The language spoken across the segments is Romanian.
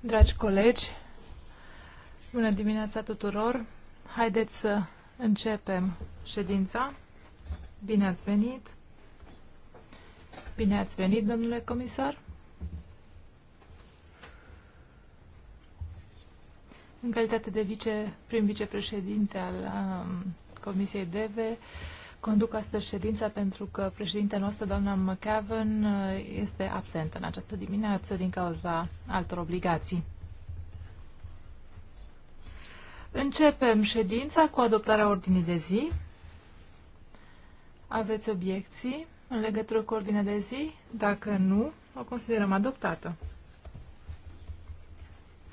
Dragi colegi, bună dimineața tuturor. Haideți să începem ședința. Bine ați venit. Bine ați venit, domnule comisar. În calitate de vice, prim vicepreședinte al um, Comisiei DEVE, uh, conduc astăzi ședința pentru că președintele noastră, doamna McCavan, este absentă în această dimineață din cauza altor obligații. Începem ședința cu adoptarea ordinii de zi. Aveți obiecții în legătură cu ordinea de zi? Dacă nu, o considerăm adoptată.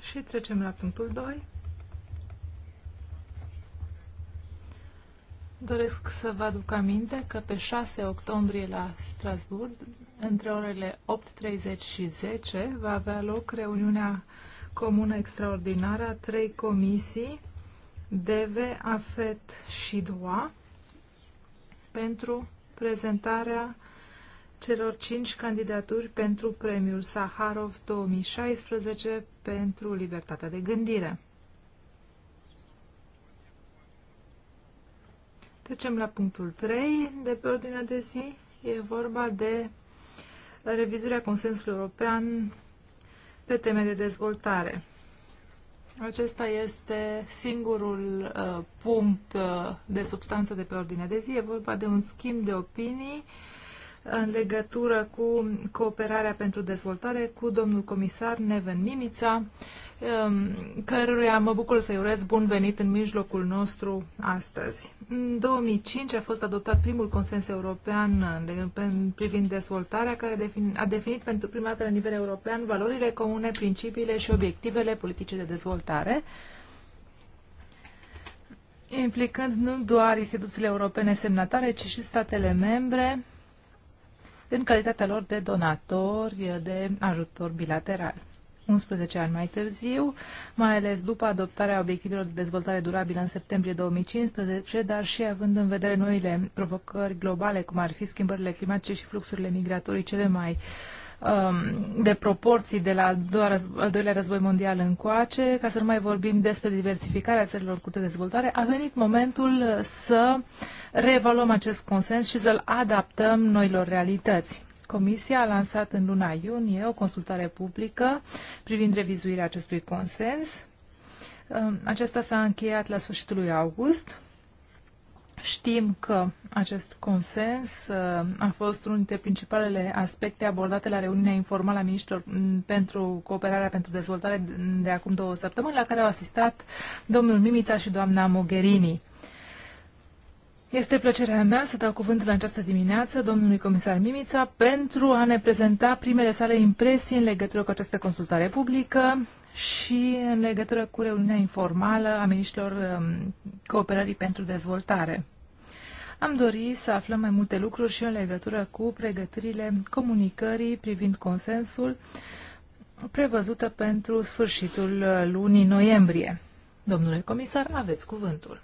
Și trecem la punctul 2. Doresc să vă aduc aminte că pe 6 octombrie la Strasburg, între orele 8.30 și 10, va avea loc reuniunea comună extraordinară a trei comisii, DV, AFET și DOA, pentru prezentarea celor cinci candidaturi pentru premiul Saharov 2016 pentru libertatea de gândire. Trecem la punctul 3 de pe ordinea de zi. E vorba de revizuirea consensului european pe teme de dezvoltare. Acesta este singurul uh, punct uh, de substanță de pe ordinea de zi. E vorba de un schimb de opinii în legătură cu cooperarea pentru dezvoltare cu domnul comisar Neven Mimița, Um, căruia mă bucur să-i urez bun venit în mijlocul nostru astăzi. În 2005 a fost adoptat primul consens european privind dezvoltarea, care a definit pentru prima dată la nivel european valorile comune, principiile și obiectivele politice de dezvoltare, implicând nu doar instituțiile europene semnatare, ci și statele membre în calitatea lor de donatori de ajutor bilateral. 11 ani mai târziu, mai ales după adoptarea obiectivelor de dezvoltare durabilă în septembrie 2015, dar și având în vedere noile provocări globale, cum ar fi schimbările climatice și fluxurile migratorii cele mai um, de proporții de la al doilea război mondial încoace, ca să nu mai vorbim despre diversificarea țărilor cu de dezvoltare, a venit momentul să reevaluăm acest consens și să-l adaptăm noilor realități. Comisia a lansat în luna iunie o consultare publică privind revizuirea acestui consens. Ă, acesta s-a încheiat la sfârșitul lui august. Știm că acest consens ă, a fost unul dintre principalele aspecte abordate la reuniunea informală a ministrilor pentru cooperarea pentru dezvoltare de acum două săptămâni, la care au asistat domnul Mimița și doamna Mogherini. Este plăcerea mea să dau cuvântul în această dimineață domnului comisar Mimița pentru a ne prezenta primele sale impresii în legătură cu această consultare publică și în legătură cu reuniunea informală a ministrilor um, cooperării pentru dezvoltare. Am dorit să aflăm mai multe lucruri și în legătură cu pregătirile comunicării privind consensul prevăzută pentru sfârșitul lunii noiembrie. Domnule comisar, aveți cuvântul.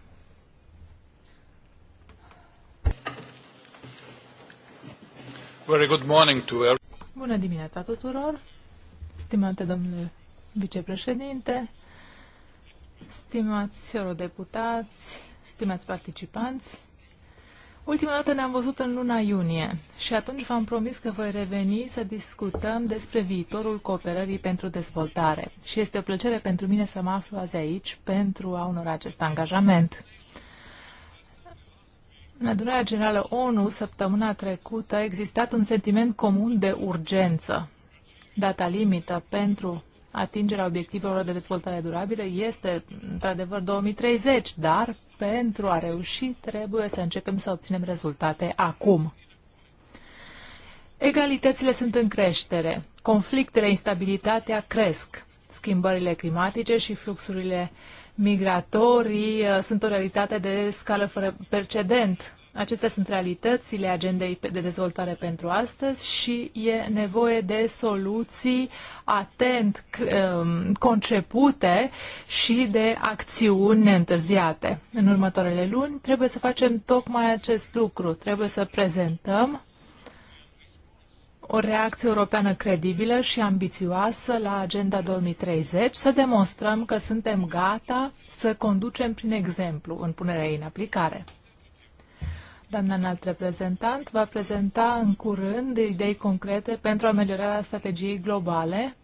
Very good morning to Bună dimineața tuturor, stimate domnule vicepreședinte, stimați eurodeputați, stimați participanți. Ultima dată ne-am văzut în luna iunie și atunci v-am promis că voi reveni să discutăm despre viitorul cooperării pentru dezvoltare. Și este o plăcere pentru mine să mă aflu azi aici pentru a onora acest angajament. În adunarea generală ONU, săptămâna trecută, a existat un sentiment comun de urgență. Data limită pentru atingerea obiectivelor de dezvoltare durabilă este, într-adevăr, 2030, dar pentru a reuși trebuie să începem să obținem rezultate acum. Egalitățile sunt în creștere, conflictele, instabilitatea cresc, schimbările climatice și fluxurile uh, migratorii uh, sunt o realitate de scală fără precedent. Acestea sunt realitățile agendei de dezvoltare pentru astăzi și e nevoie de soluții atent um, concepute și de acțiuni neîntârziate. În următoarele luni trebuie să facem tocmai acest lucru. Trebuie să prezentăm o reacție europeană credibilă și ambițioasă la Agenda 2030, să demonstrăm că suntem gata să conducem prin exemplu în punerea ei în aplicare. Doamna înalt reprezentant va prezenta în curând idei concrete pentru ameliorarea strategiei globale.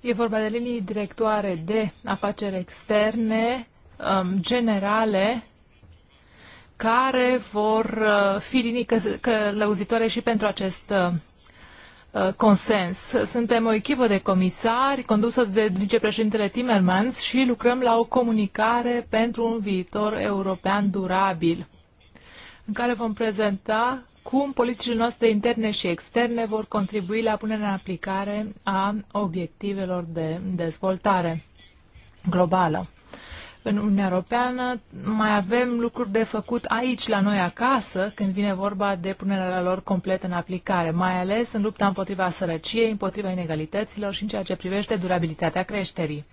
E vorba de linii directoare de afaceri externe, um, generale, care vor uh, fi linii călăuzitoare și pentru acest uh, uh, consens. Suntem o echipă de comisari condusă de vicepreședintele Timmermans și lucrăm la o comunicare pentru un viitor european durabil, în care vom prezenta cum politicile noastre interne și externe vor contribui la punerea în aplicare a obiectivelor de dezvoltare globală în Uniunea Europeană, mai avem lucruri de făcut aici, la noi acasă, când vine vorba de punerea lor complet în aplicare, mai ales în lupta împotriva sărăciei, împotriva inegalităților și în ceea ce privește durabilitatea creșterii.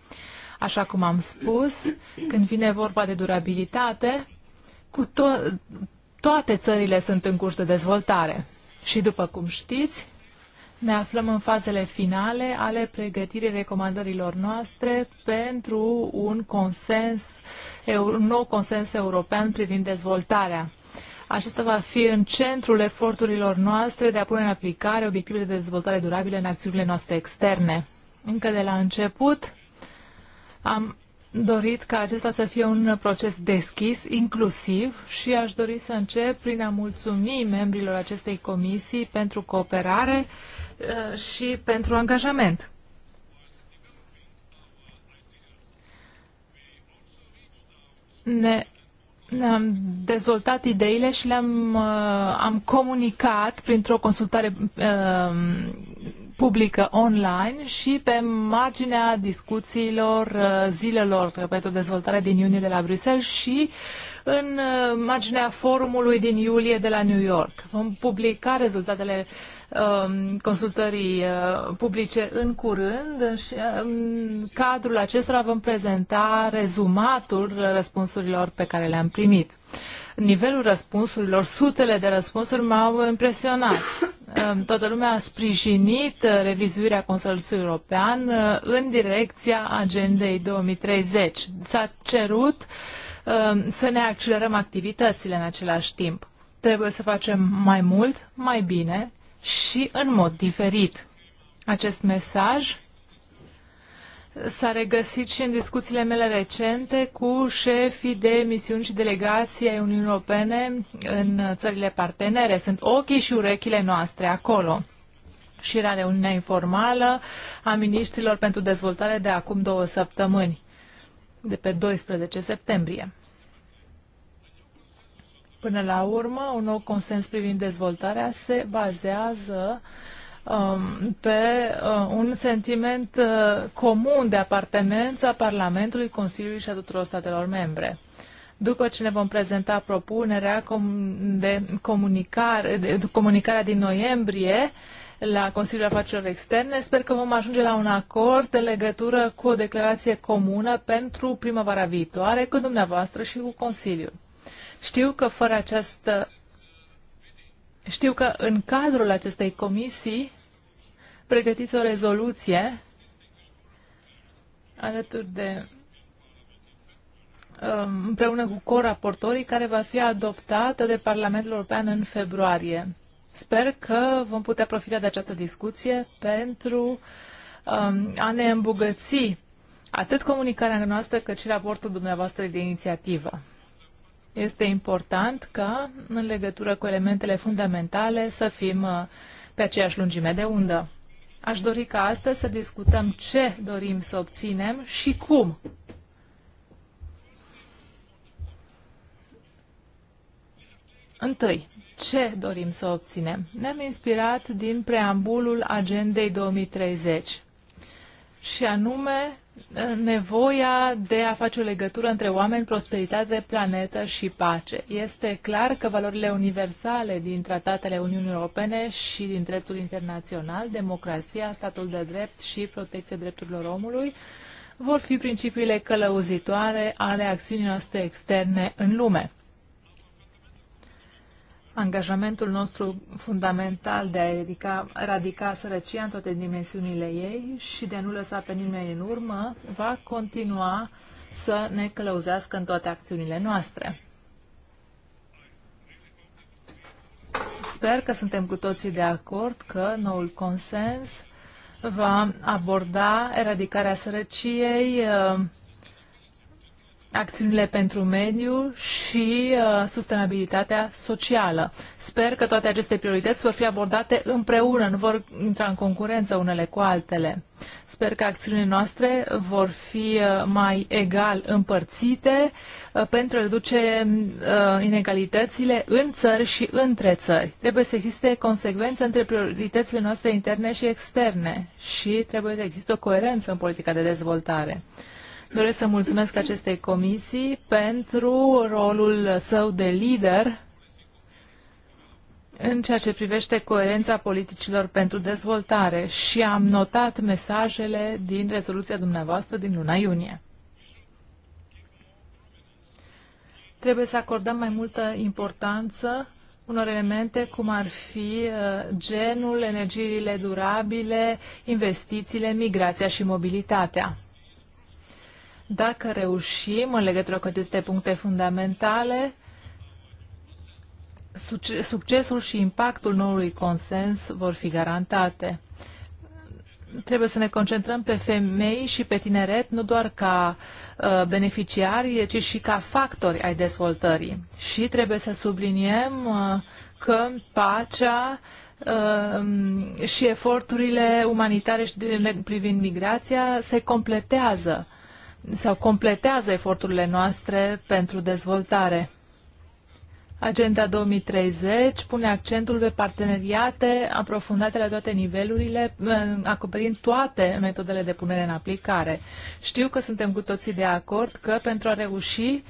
Așa cum am spus, când vine vorba de durabilitate, cu to- toate țările sunt în curs de dezvoltare. Și după cum știți, ne aflăm în fazele finale ale pregătirii recomandărilor noastre pentru un consens, un nou consens european privind dezvoltarea. Acesta va fi în centrul eforturilor noastre de a pune în aplicare obiectivele de dezvoltare durabile în acțiunile noastre externe. Încă de la început am dorit ca acesta să fie un proces deschis, inclusiv și aș dori să încep prin a mulțumi membrilor acestei comisii pentru cooperare uh, și pentru angajament. Ne ne-am dezvoltat ideile și le-am uh, am comunicat printr-o consultare uh, publică online și pe marginea discuțiilor uh, zilelor pentru dezvoltare din iunie de la Bruxelles și în uh, marginea forumului din iulie de la New York. Vom publica rezultatele um, consultării uh, publice în curând și în cadrul acestora vom prezenta rezumatul răspunsurilor pe care le-am primit nivelul răspunsurilor, sutele de răspunsuri m-au impresionat. Ehm, toată lumea a sprijinit uh, revizuirea Consiliului European uh, în direcția agendei 2030. S-a cerut ehm, să ne accelerăm activitățile în același timp. Trebuie să facem mai mult, mai bine și în mod diferit. Acest mesaj s-a regăsit și în discuțiile mele recente cu șefii de misiuni și delegații ai Uniunii Europene în țările partenere. Sunt ochii și urechile noastre acolo. Și la reuniunea informală a ministrilor pentru dezvoltare de acum două săptămâni, de pe 12 septembrie. Până la urmă, un nou consens privind dezvoltarea se bazează uh, Um, pe uh, un sentiment uh, comun de apartenență a Parlamentului, Consiliului și a tuturor statelor membre. După ce ne vom prezenta propunerea de comunicare, de comunicarea din noiembrie la Consiliul Afacerilor Externe, sper că vom ajunge la un acord în legătură cu o declarație comună pentru primăvara viitoare cu dumneavoastră și cu Consiliul. Știu că fără această știu că în cadrul acestei comisii pregătiți o rezoluție alături de um, împreună cu coraportorii care va fi adoptată de Parlamentul European în februarie. Sper că vom putea profita de această discuție pentru um, a ne îmbogăți atât comunicarea noastră cât și raportul dumneavoastră de inițiativă. Este important ca, în legătură cu elementele fundamentale, să fim uh, pe aceeași lungime de undă. Aș dori ca astăzi să discutăm ce dorim să obținem și cum. Întâi, ce dorim să obținem? Ne-am inspirat din preambulul Agendei 2030 și anume nevoia de a face o legătură între oameni, prosperitate, planetă și pace. Este clar că valorile universale din tratatele Uniunii Europene și din dreptul internațional, democrația, statul de drept și protecția drepturilor omului, vor fi principiile călăuzitoare ale acțiunii noastre externe în lume angajamentul nostru fundamental de a eradica, eradica sărăcia în toate dimensiunile ei și de a nu lăsa pe nimeni în urmă va continua să ne călăuzească în toate acțiunile noastre. Sper că suntem cu toții de acord că noul consens va aborda eradicarea sărăciei, uh, acțiunile pentru mediu și uh, sustenabilitatea socială. Sper că toate aceste priorități vor fi abordate împreună, nu vor intra în concurență unele cu altele. Sper că acțiunile noastre vor fi uh, mai egal împărțite uh, pentru a reduce uh, inegalitățile în țări și între țări. Trebuie să existe consecvență între prioritățile noastre interne și externe și trebuie să existe o coerență în politica de dezvoltare. Doresc să mulțumesc acestei comisii pentru rolul său de lider în ceea ce privește coerența politicilor pentru dezvoltare și am notat mesajele din rezoluția dumneavoastră din luna iunie. Trebuie să acordăm mai multă importanță unor elemente cum ar fi uh, genul, energiile durabile, investițiile, migrația și mobilitatea. Dacă reușim în legătură cu aceste puncte fundamentale, succesul și impactul noului consens vor fi garantate. Trebuie să ne concentrăm pe femei și pe tineret, nu doar ca uh, beneficiari, ci și ca factori ai dezvoltării. Și trebuie să subliniem uh, că pacea uh, și eforturile umanitare și privind migrația se completează sau completează eforturile noastre pentru dezvoltare. Agenda 2030 pune accentul pe parteneriate aprofundate la toate nivelurile, acoperind toate metodele de punere în aplicare. Știu că suntem cu toții de acord că pentru a reuși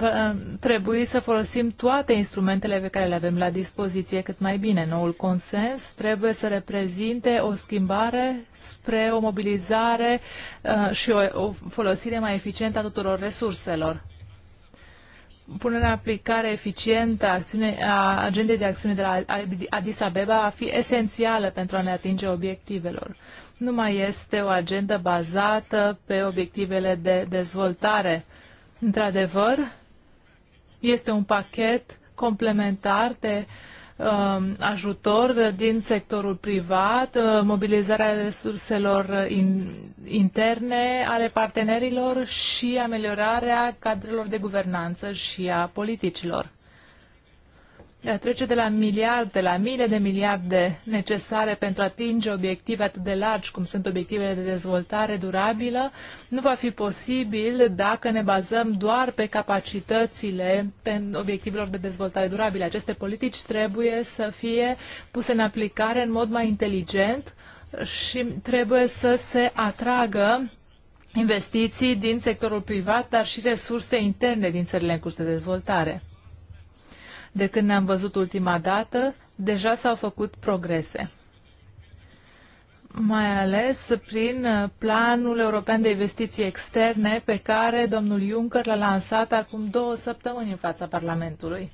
Eh, trebuie să folosim toate instrumentele pe care le avem la dispoziție cât mai bine. Noul consens trebuie să reprezinte o schimbare spre o mobilizare eh, și o, folosire mai eficientă a tuturor resurselor punerea în aplicare eficientă a agendei de acțiune de la Addis Abeba va fi esențială pentru a ne atinge obiectivelor. Nu mai este o agendă bazată pe obiectivele de dezvoltare. Într-adevăr, este un pachet complementar de um, ajutor din sectorul privat, uh, mobilizarea resurselor interne ale partenerilor și ameliorarea cadrelor de guvernanță și a politicilor. De a trece de la miliarde, la mile de miliarde necesare pentru a atinge obiective atât de largi cum sunt obiectivele de dezvoltare durabilă, nu va fi posibil dacă ne bazăm doar pe capacitățile pe obiectivelor de dezvoltare durabilă. Aceste politici trebuie să fie puse în aplicare în mod mai inteligent și trebuie să se atragă investiții din sectorul privat, dar și resurse interne din țările în curs de dezvoltare de când ne-am văzut ultima dată, deja s-au făcut progrese mai ales prin planul european de investiții externe pe care domnul Juncker l-a lansat acum două săptămâni în fața Parlamentului.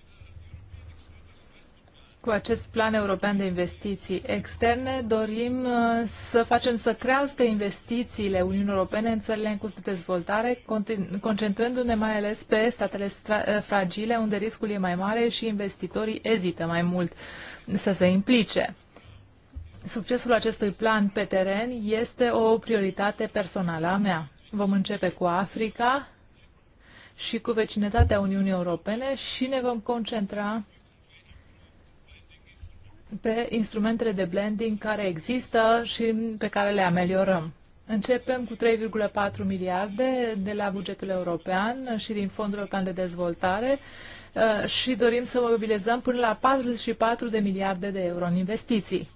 Cu acest plan european de investiții externe dorim uh, să facem să crească investițiile Uniunii Europene în țările în curs de dezvoltare, concentrându-ne mai ales pe statele uh, fragile, unde riscul e mai mare și investitorii ezită mai mult să se implice. Succesul acestui plan pe teren este o prioritate personală a mea. Vom începe cu Africa și cu vecinătatea Uniunii Europene și ne vom concentra pe instrumentele de blending care există și pe care le ameliorăm. Începem cu 3,4 miliarde de la bugetul european și din Fondul European de Dezvoltare uh, și dorim să mobilizăm până la 44 de miliarde de euro în investiții.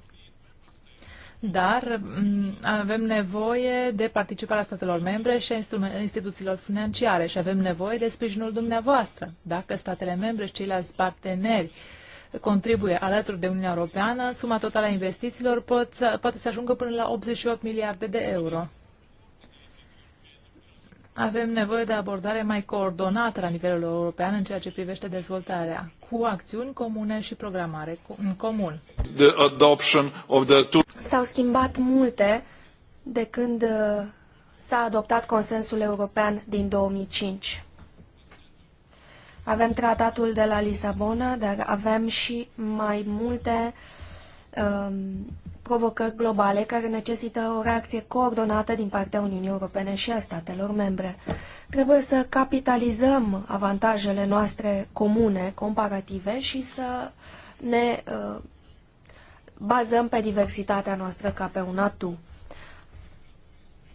Dar mm, avem nevoie de participarea statelor membre și a instituțiilor financiare și avem nevoie de sprijinul dumneavoastră. Dacă statele membre și ceilalți parteneri uh, contribuie alături de Uniunea Europeană, suma totală a investițiilor pot poate să ajungă până la 88 miliarde de euro. Avem nevoie de abordare mai coordonată la nivelul european în ceea ce privește dezvoltarea, cu acțiuni comune și programare în comun. S-au schimbat multe de când uh, s-a adoptat consensul european din 2005. Avem tratatul de la Lisabona, dar avem și mai multe um, provocări globale care necesită o reacție coordonată din partea Uniunii Europene și a statelor membre. Trebuie să capitalizăm avantajele noastre comune, comparative și să ne uh, bazăm pe diversitatea noastră ca pe un atu.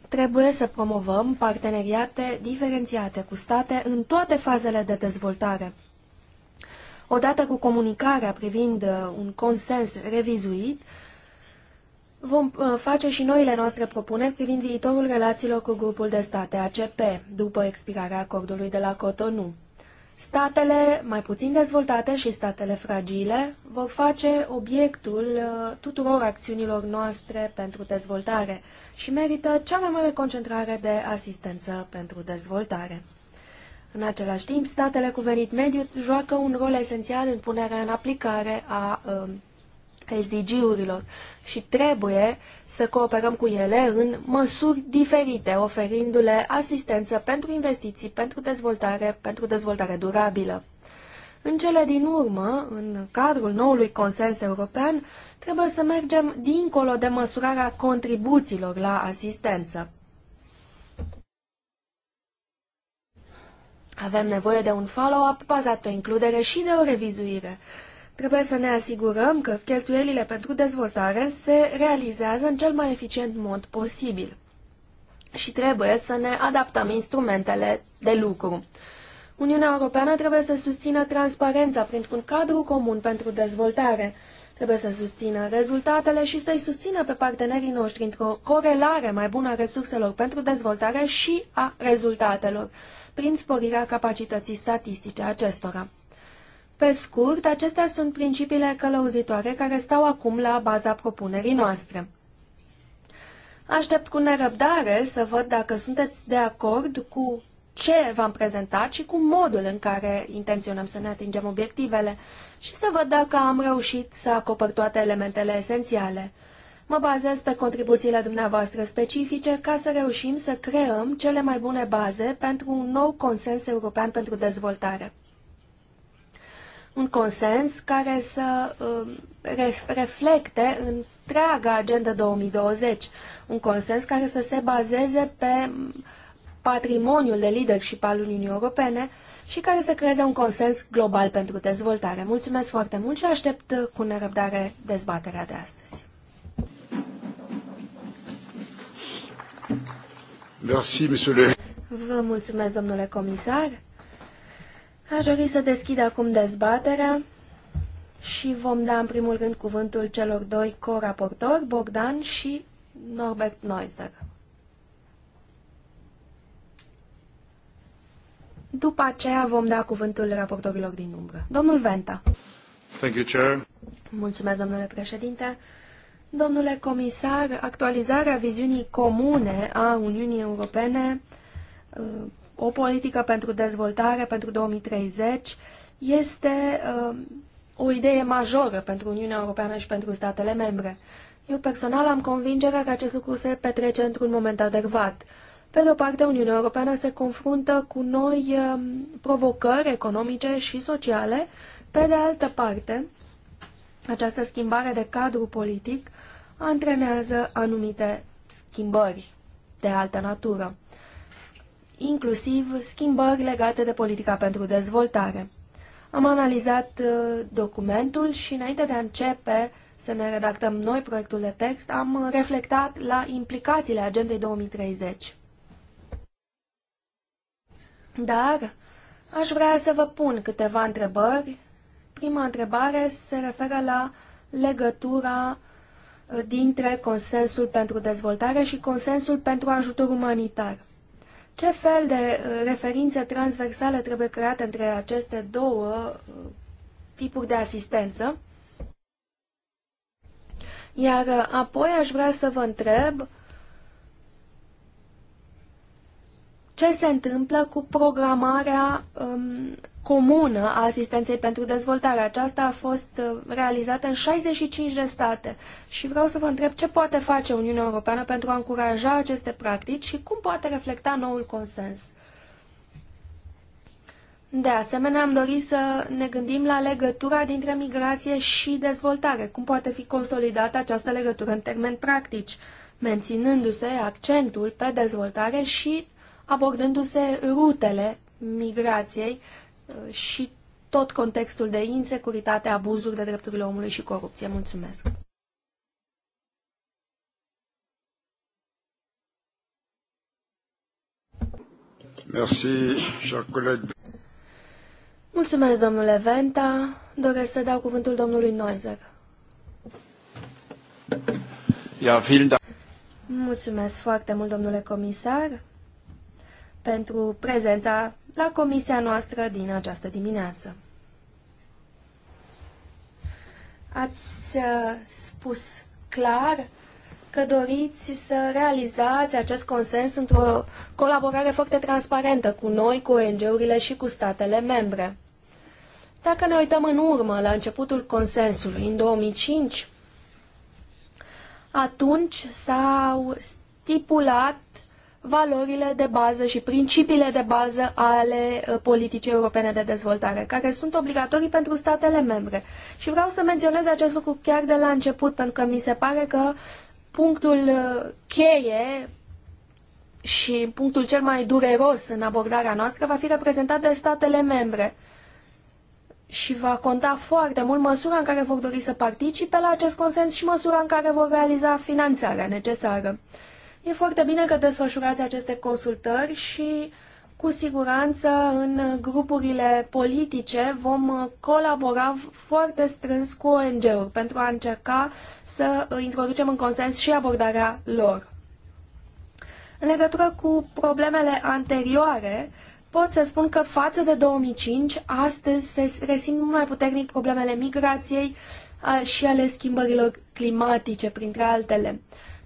Trebuie să promovăm parteneriate diferențiate cu state în toate fazele de dezvoltare. Odată cu comunicarea privind uh, un consens revizuit, vom uh, face și noile noastre propuneri privind viitorul relațiilor cu grupul de state ACP, după expirarea acordului de la Cotonou. Statele mai puțin dezvoltate și statele fragile vor face obiectul uh, tuturor acțiunilor noastre pentru dezvoltare, și merită cea mai mare concentrare de asistență pentru dezvoltare. În același timp, statele cu venit mediu joacă un rol esențial în punerea în aplicare a um, SDG-urilor și trebuie să cooperăm cu ele în măsuri diferite, oferindu-le asistență pentru investiții, pentru dezvoltare, pentru dezvoltare durabilă. În cele din urmă, în cadrul noului consens european, trebuie să mergem dincolo de măsurarea contribuțiilor la asistență. Avem nevoie de un follow-up bazat pe includere și de o revizuire. Trebuie să ne asigurăm că cheltuielile pentru dezvoltare se realizează în cel mai eficient mod posibil. Și trebuie să ne adaptăm instrumentele de lucru. Uniunea Europeană trebuie să susțină transparența printr-un cadru comun pentru dezvoltare. Trebuie să susțină rezultatele și să-i susțină pe partenerii noștri într-o corelare mai bună a resurselor pentru dezvoltare și a rezultatelor, prin sporirea capacității statistice acestora. Pe scurt, acestea sunt principiile călăuzitoare care stau acum la baza propunerii noastre. Aștept cu nerăbdare să văd dacă sunteți de acord cu ce v-am prezentat și cu modul în care intenționăm să ne atingem obiectivele și să văd dacă am reușit să acopăr toate elementele esențiale. Mă bazez pe contribuțiile dumneavoastră specifice ca să reușim să creăm cele mai bune baze pentru un nou consens european pentru dezvoltare. Un consens care să um, reflecte întreaga Agenda 2020, un consens care să se bazeze pe patrimoniul de leadership al Uniunii Europene și care să creeze un consens global pentru dezvoltare. Mulțumesc foarte mult și aștept cu nerăbdare dezbaterea de astăzi. Merci, Vă mulțumesc, domnule comisar. Aș dori să deschid acum dezbaterea și vom da în primul rând cuvântul celor doi coraportori, Bogdan și Norbert Neuser. După aceea vom da cuvântul raportorilor din umbră. Domnul Venta. Thank you, Chair. Mulțumesc, domnule președinte. Domnule comisar, actualizarea viziunii comune a Uniunii Europene, uh, o politică pentru dezvoltare pentru 2030, este uh, o idee majoră pentru Uniunea Europeană și pentru statele membre. Eu personal am convingerea că acest lucru se petrece într-un moment adecvat. Pe de o parte, Uniunea Europeană se confruntă cu noi um, provocări economice și sociale. Pe de altă parte, această schimbare de cadru politic antrenează anumite schimbări de altă natură, inclusiv schimbări legate de politica pentru dezvoltare. Am analizat uh, documentul și înainte de a începe să ne redactăm noi proiectul de text, am reflectat la implicațiile Agendei 2030. Dar aș vrea să vă pun câteva întrebări. Prima întrebare se referă la legătura uh, dintre consensul pentru dezvoltare și consensul pentru ajutor umanitar. Ce fel de uh, referințe transversale trebuie create între aceste două uh, tipuri de asistență? Iar apoi aș vrea să vă întreb ce se întâmplă cu programarea um, comună a asistenței pentru dezvoltare. Aceasta a fost uh, realizată în 65 de state și vreau să vă întreb ce poate face Uniunea Europeană pentru a încuraja aceste practici și cum poate reflecta noul consens. De asemenea, am dorit să ne gândim la legătura dintre migrație și dezvoltare. Cum poate fi consolidată această legătură în termeni practici, menținându-se accentul pe dezvoltare și abordându-se rutele migrației uh, și tot contextul de insecuritate, abuzuri de drepturile omului și corupție. Mulțumesc! Merci, Mulțumesc, domnule Venta. Doresc să dau cuvântul domnului Noizer. Ja, vielen Dank. Mulțumesc foarte mult, domnule comisar pentru prezența la comisia noastră din această dimineață. Ați uh, spus clar că doriți să realizați acest consens într-o colaborare foarte transparentă cu noi, cu ONG-urile și cu statele membre. Dacă ne uităm în urmă la începutul consensului, în 2005, atunci s-au stipulat valorile de bază și principiile de bază ale uh, politicii europene de dezvoltare, care sunt obligatorii pentru statele membre. Și vreau să menționez acest lucru chiar de la început, pentru că mi se pare că punctul uh, cheie și punctul cel mai dureros în abordarea noastră va fi reprezentat de statele membre și va conta foarte mult măsura în care vor dori să participe la acest consens și măsura în care vor realiza finanțarea necesară. E foarte bine că desfășurați aceste consultări și cu siguranță în grupurile politice vom colabora foarte strâns cu ONG-uri pentru a încerca să introducem în consens și abordarea lor. În legătură cu problemele anterioare, pot să spun că față de 2005, astăzi se resimt mult mai puternic problemele migrației și ale schimbărilor climatice, printre altele.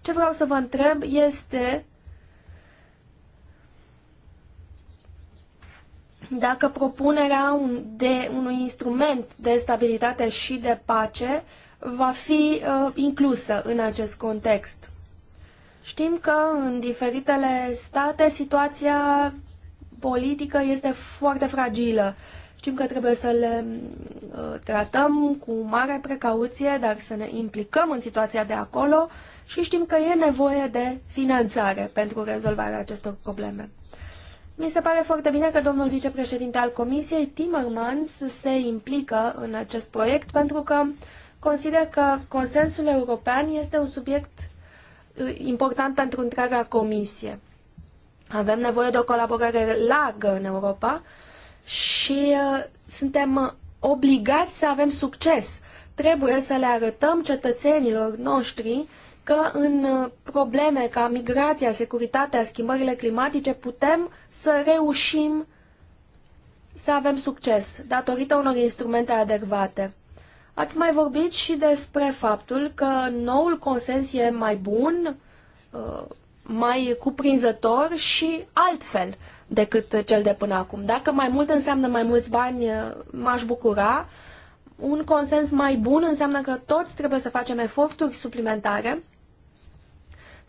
Ce vreau să vă întreb este dacă propunerea de unui instrument de stabilitate și de pace va fi uh, inclusă în acest context. Știm că în diferitele state situația politică este foarte fragilă. Știm că trebuie să le uh, tratăm cu mare precauție, dar să ne implicăm în situația de acolo uh, și știm că e nevoie de finanțare pentru rezolvarea acestor probleme. Mi se pare foarte bine că domnul vicepreședinte al Comisiei, Timmermans, se implică în acest proiect pentru că consider că consensul european este un subiect uh, important pentru întreaga Comisie. Avem nevoie de o colaborare largă în Europa și uh, suntem obligați să avem succes. Trebuie să le arătăm cetățenilor noștri că în uh, probleme ca migrația, securitatea, schimbările climatice putem să reușim să avem succes datorită unor instrumente adecvate. Ați mai vorbit și despre faptul că noul consens e mai bun, uh, mai cuprinzător și altfel decât cel de până acum. Dacă mai mult înseamnă mai mulți bani, uh, m-aș bucura. Un consens mai bun înseamnă că toți trebuie să facem eforturi suplimentare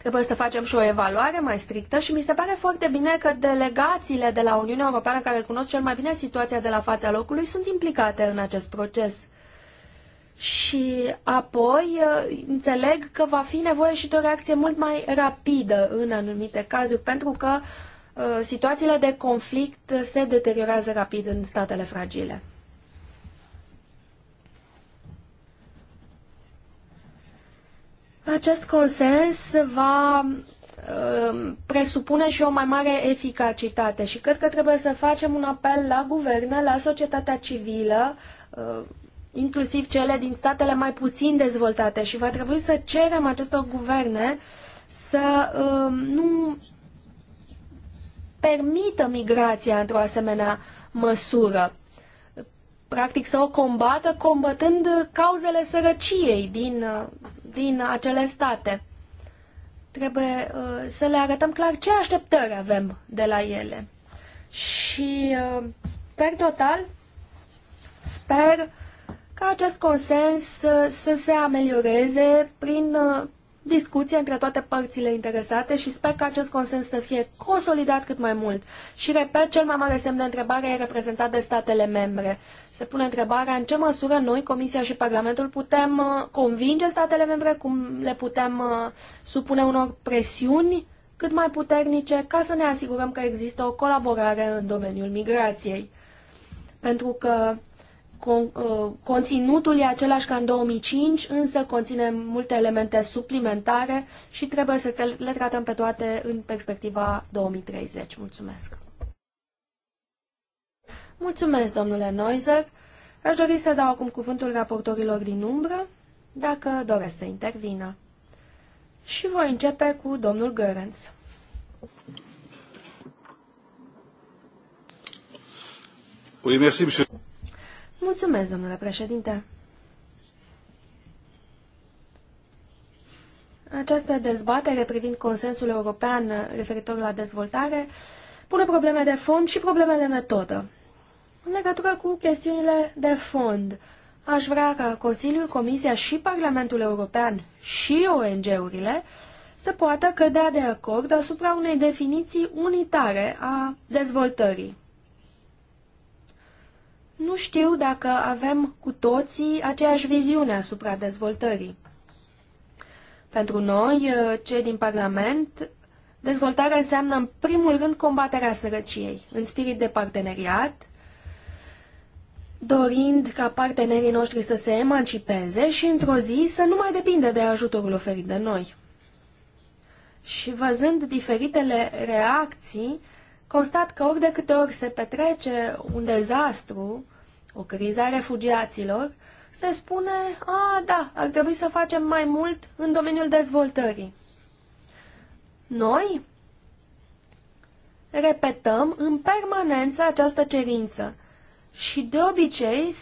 Trebuie să facem și o evaluare mai strictă și mi se pare foarte bine că delegațiile de la Uniunea Europeană care cunosc cel mai bine situația de la fața locului sunt implicate în acest proces. Și apoi ă, înțeleg că va fi nevoie și de o reacție mult mai rapidă în anumite cazuri, pentru că ă, situațiile de conflict se deteriorează rapid în statele fragile. Acest consens va uh, presupune și o mai mare eficacitate și cred că trebuie să facem un apel la guverne, la societatea civilă, uh, inclusiv cele din statele mai puțin dezvoltate și va trebui să cerem acestor guverne să uh, nu permită migrația într-o asemenea măsură. Practic să o combată combătând cauzele sărăciei din din acele state. Trebuie uh, să le arătăm clar ce așteptări avem de la ele. Și, uh, per total, sper ca acest consens să, uh, să se amelioreze prin uh, discuție între toate părțile interesate și sper că acest consens să fie consolidat cât mai mult. Și, repet, cel mai mare semn de întrebare e reprezentat de statele membre se pune întrebarea în ce măsură noi, Comisia și Parlamentul, putem uh, convinge statele membre, cum le putem uh, supune unor presiuni cât mai puternice ca să ne asigurăm că există o colaborare în domeniul migrației. Pentru că uh, conținutul e același ca în 2005, însă conține multe elemente suplimentare și trebuie să le tratăm pe toate în perspectiva 2030. Mulțumesc! Mulțumesc, domnule Noizer. Aș dori să dau acum cuvântul raportorilor din umbră, dacă doresc să intervină. Și voi începe cu domnul Görens. Oui, merci, monsieur. Mulțumesc, domnule președinte. Această dezbatere privind consensul european referitor la dezvoltare pune probleme de fond și probleme de metodă. În legătură cu chestiunile de fond, aș vrea ca Consiliul, Comisia și Parlamentul European și ONG-urile să poată cădea de acord asupra unei definiții unitare a dezvoltării. Nu știu dacă avem cu toții aceeași viziune asupra dezvoltării. Pentru noi, cei din Parlament, dezvoltarea înseamnă în primul rând combaterea sărăciei, în spirit de parteneriat, dorind ca partenerii noștri să se emancipeze și într-o zi să nu mai depindă de ajutorul oferit de noi. Și văzând diferitele reacții, constat că ori de câte ori se petrece un dezastru, o criză a refugiaților, se spune, a, da, ar trebui să facem mai mult în domeniul dezvoltării. Noi repetăm în permanență această cerință și de obicei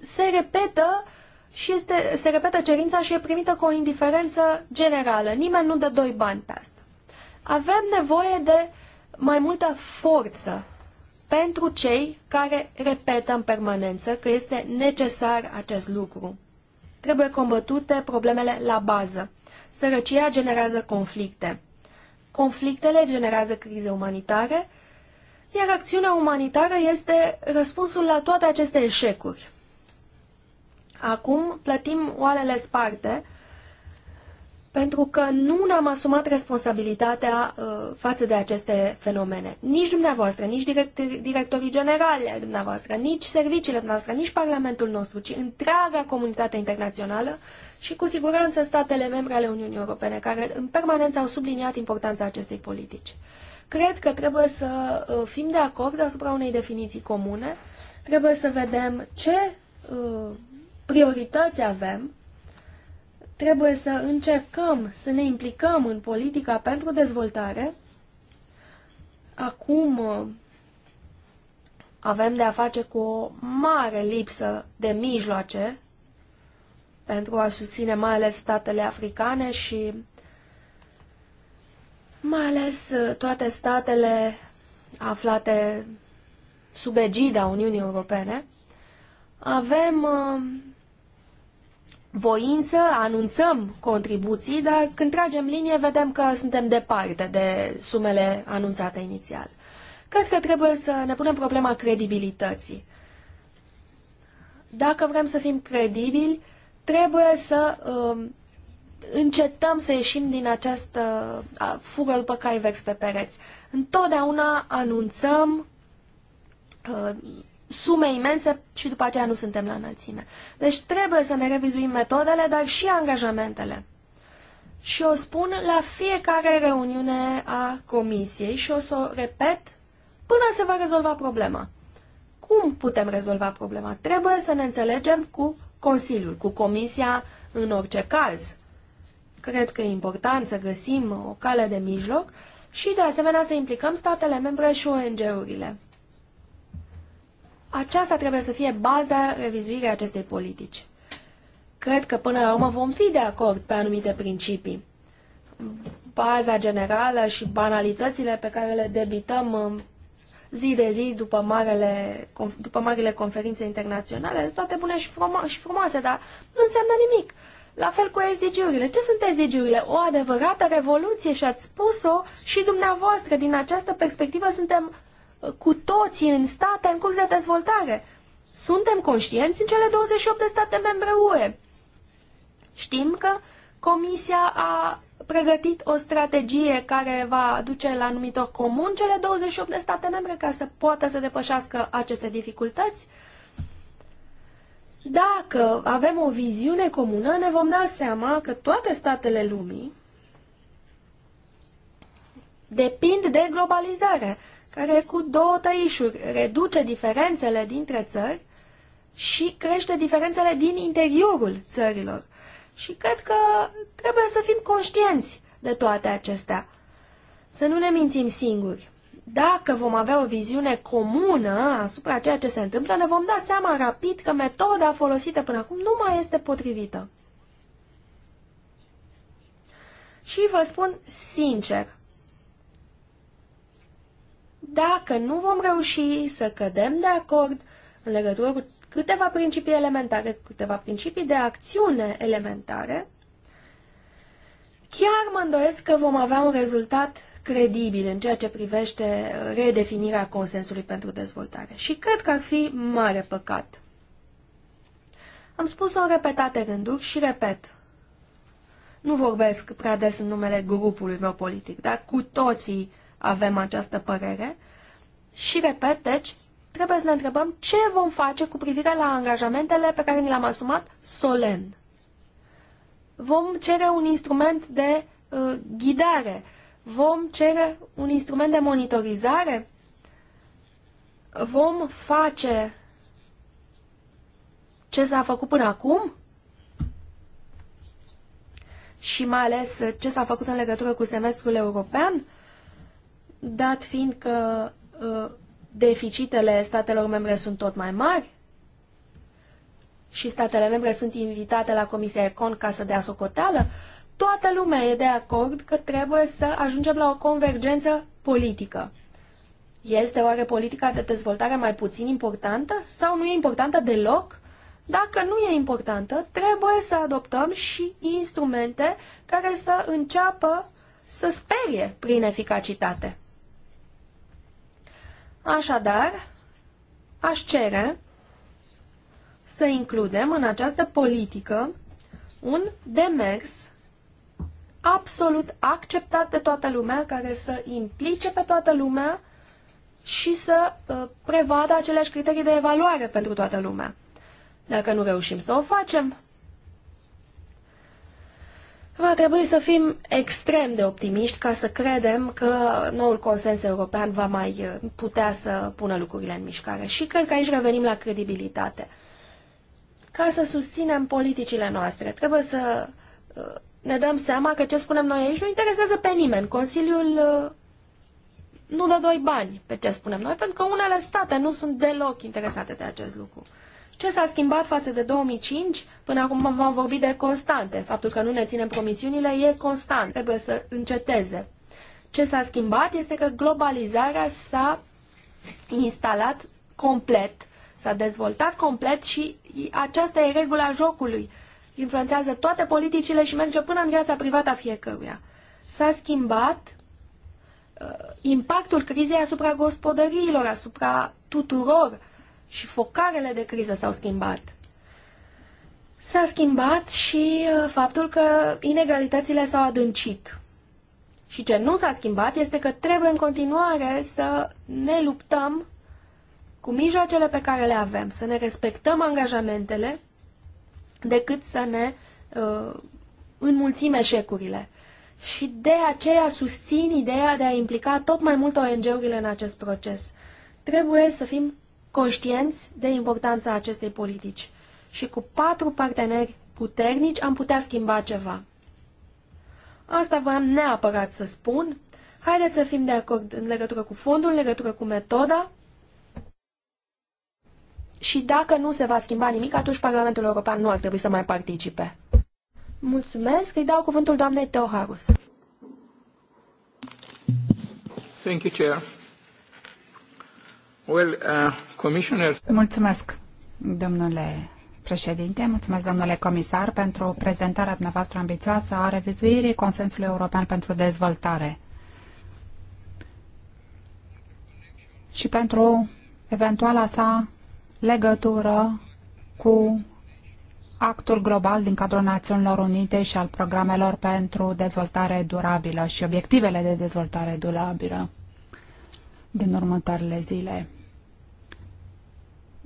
se repetă și este, se repetă cerința și e primită cu o indiferență generală. Nimeni nu dă doi bani pe asta. Avem nevoie de mai multă forță pentru cei care repetă în permanență că este necesar acest lucru. Trebuie combătute problemele la bază. Sărăcia generează conflicte. Conflictele generează crize umanitare iar acțiunea umanitară este răspunsul la toate aceste eșecuri. Acum plătim oalele sparte pentru că nu ne-am asumat responsabilitatea uh, față de aceste fenomene. Nici dumneavoastră, nici direct, directorii generali ai dumneavoastră, nici serviciile dumneavoastră, nici Parlamentul nostru, ci întreaga comunitate internațională și cu siguranță statele membre ale Uniunii Europene, care în permanență au subliniat importanța acestei politici. Cred că trebuie să uh, fim de acord asupra unei definiții comune, trebuie să vedem ce uh, priorități avem, trebuie să încercăm să ne implicăm în politica pentru dezvoltare. Acum uh, avem de a face cu o mare lipsă de mijloace pentru a susține mai ales statele africane și mai ales uh, toate statele aflate sub egida Uniunii Europene, avem uh, voință, anunțăm contribuții, dar când tragem linie vedem că suntem departe de sumele anunțate inițial. Cred că trebuie să ne punem problema credibilității. Dacă vrem să fim credibili, trebuie să uh, încetăm să ieșim din această fugă după cai verzi pe pereți. Întotdeauna anunțăm sume imense și după aceea nu suntem la înălțime. Deci trebuie să ne revizuim metodele, dar și angajamentele. Și o spun la fiecare reuniune a comisiei și o să o repet până se va rezolva problema. Cum putem rezolva problema? Trebuie să ne înțelegem cu Consiliul, cu Comisia în orice caz. Cred că e important să găsim o cale de mijloc și, de asemenea, să implicăm statele membre și ONG-urile. Aceasta trebuie să fie baza revizuirii acestei politici. Cred că, până la urmă, vom fi de acord pe anumite principii. Baza generală și banalitățile pe care le debităm um, zi de zi după, marele, după marile conferințe internaționale sunt toate bune și, frumoase, dar nu înseamnă nimic. La fel cu SDG-urile. Ce sunt SDG-urile? O adevărată revoluție și ați spus-o și dumneavoastră. Din această perspectivă suntem uh, cu toții în state în curs de dezvoltare. Suntem conștienți în cele 28 de state membre UE. Știm că Comisia a pregătit o strategie care va duce la numitor comun cele 28 de state membre ca să poată să depășească aceste dificultăți. Dacă avem o viziune comună, ne vom da seama că toate statele lumii depind de globalizare, care cu două tăișuri reduce diferențele dintre țări și crește diferențele din interiorul țărilor. Și cred că trebuie să fim conștienți de toate acestea. Să nu ne mințim singuri. Dacă vom avea o viziune comună asupra ceea ce se întâmplă, ne vom da seama rapid că metoda folosită până acum nu mai este potrivită. Și vă spun sincer, dacă nu vom reuși să cădem de acord în legătură cu câteva principii elementare, câteva principii de acțiune elementare, chiar mă îndoiesc că vom avea un rezultat credibil în ceea ce privește uh, redefinirea consensului pentru dezvoltare. Și cred că ar fi mare păcat. Am spus-o în repetate rânduri și repet. Nu vorbesc prea des în numele grupului meu politic, dar cu toții avem această părere. Și repet, deci, trebuie să ne întrebăm ce vom face cu privire la angajamentele pe care ni le-am asumat solemn. Vom cere un instrument de uh, ghidare, Vom cere un instrument de monitorizare? Vom face ce s-a făcut până acum? Și mai ales ce s-a făcut în legătură cu semestrul european? Dat fiind că uh, deficitele statelor membre sunt tot mai mari și statele membre sunt invitate la Comisia Econ ca să dea socoteală, uh, Toată lumea e de acord că trebuie să ajungem la o convergență politică. Este oare politica de dezvoltare mai puțin importantă sau nu e importantă deloc? Dacă nu e importantă, trebuie să adoptăm și instrumente care să înceapă să sperie prin eficacitate. Așadar, aș cere să includem în această politică un demers absolut acceptat de toată lumea, care să implice pe toată lumea și să uh, prevadă aceleași criterii de evaluare pentru toată lumea. Dacă nu reușim să o facem, va trebui să fim extrem de optimiști ca să credem că noul consens european va mai uh, putea să pună lucrurile în mișcare. Și cred că aici revenim la credibilitate. Ca să susținem politicile noastre, trebuie să uh, ne dăm seama că ce spunem noi aici nu interesează pe nimeni. Consiliul uh, nu dă doi bani pe ce spunem noi, pentru că unele state nu sunt deloc interesate de acest lucru. Ce s-a schimbat față de 2005? Până acum v-am vorbit de constante. Faptul că nu ne ținem promisiunile e constant. Trebuie să înceteze. Ce s-a schimbat este că globalizarea s-a instalat complet, s-a dezvoltat complet și aceasta e regula jocului. Uh, influențează toate politicile și merge până în viața privată a fiecăruia. S-a schimbat uh, impactul crizei asupra gospodăriilor, asupra tuturor și focarele de criză s-au schimbat. S-a schimbat și uh, faptul că inegalitățile s-au adâncit. Și ce nu s-a schimbat este că trebuie în continuare să ne luptăm cu mijloacele pe care le avem, să ne respectăm angajamentele decât să ne uh, înmulțim eșecurile. Și de aceea susțin ideea de a implica tot mai mult ONG-urile în acest proces. Trebuie să fim conștienți de importanța acestei politici și cu patru parteneri puternici am putea schimba ceva. Asta voiam neapărat să spun. Haideți să fim de acord în legătură cu fondul, în legătură cu metoda și dacă nu se va schimba nimic, atunci Parlamentul European nu ar trebui să mai participe. Mulțumesc. Îi dau cuvântul doamnei Teoharus. Thank you, Chair. Well, uh, Commissioner... Mulțumesc, domnule președinte, mulțumesc, domnule comisar, pentru prezentarea dumneavoastră ambițioasă a revizuirii Consensului European pentru Dezvoltare și pentru eventuala sa legătură cu actul global din cadrul Națiunilor Unite și al programelor pentru dezvoltare durabilă și obiectivele de dezvoltare durabilă din următoarele zile.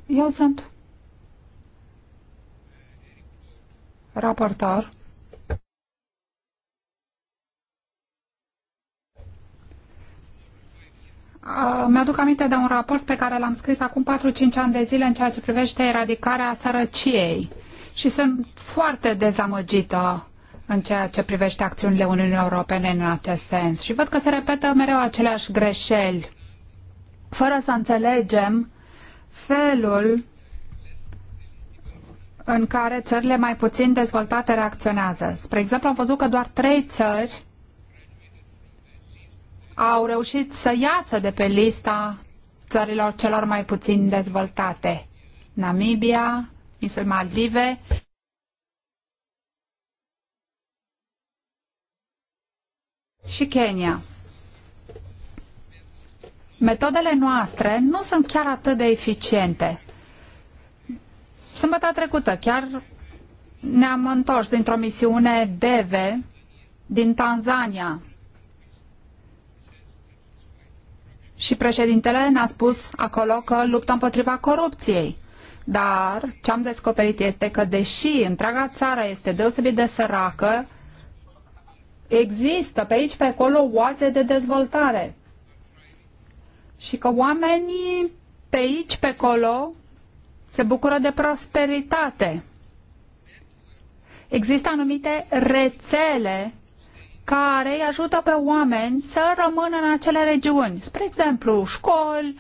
Eu sunt raportor Uh, mi-aduc aminte de un raport pe care l-am scris acum 4-5 ani de zile în ceea ce privește eradicarea sărăciei și sunt foarte dezamăgită în ceea ce privește acțiunile Uniunii Europene în acest sens și văd că se repetă mereu aceleași greșeli fără să înțelegem felul în care țările mai puțin dezvoltate reacționează. Spre exemplu, am văzut că doar trei țări au reușit să iasă de pe lista țărilor celor mai puțin dezvoltate. Namibia, insulele Maldive. Și Kenya. Metodele noastre nu sunt chiar atât de eficiente. Sâmbătă trecută chiar ne-am întors dintr-o misiune DV din Tanzania, Și președintele ne-a spus acolo că luptă împotriva corupției. Dar ce am descoperit este că, deși întreaga țară este deosebit de săracă, există pe aici, pe acolo, oaze de dezvoltare. Și că oamenii pe aici, pe acolo, se bucură de prosperitate. Există anumite rețele care îi ajută pe oameni să rămână în acele regiuni. Spre exemplu, școli,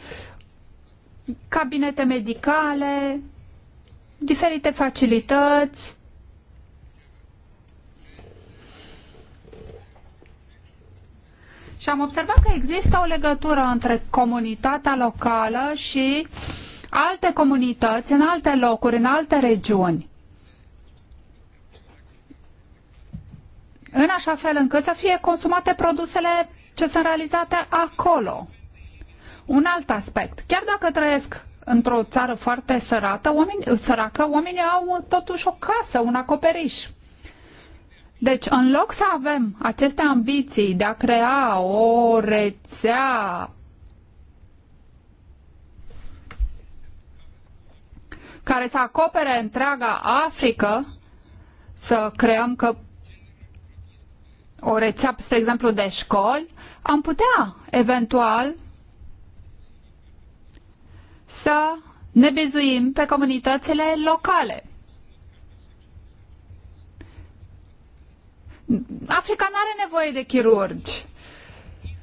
cabinete medicale, diferite facilități. Și am observat că există o legătură între comunitatea locală și alte comunități în alte locuri, în alte regiuni. în așa fel încât să fie consumate produsele ce sunt realizate acolo. Un alt aspect. Chiar dacă trăiesc într-o țară foarte sărată, oameni, săracă, oamenii au totuși o casă, un acoperiș. Deci, în loc să avem aceste ambiții de a crea o rețea care să acopere întreaga Africă, să creăm că o rețea, spre exemplu, de școli, am putea, eventual, să ne bizuim pe comunitățile locale. Africa nu are nevoie de chirurgi.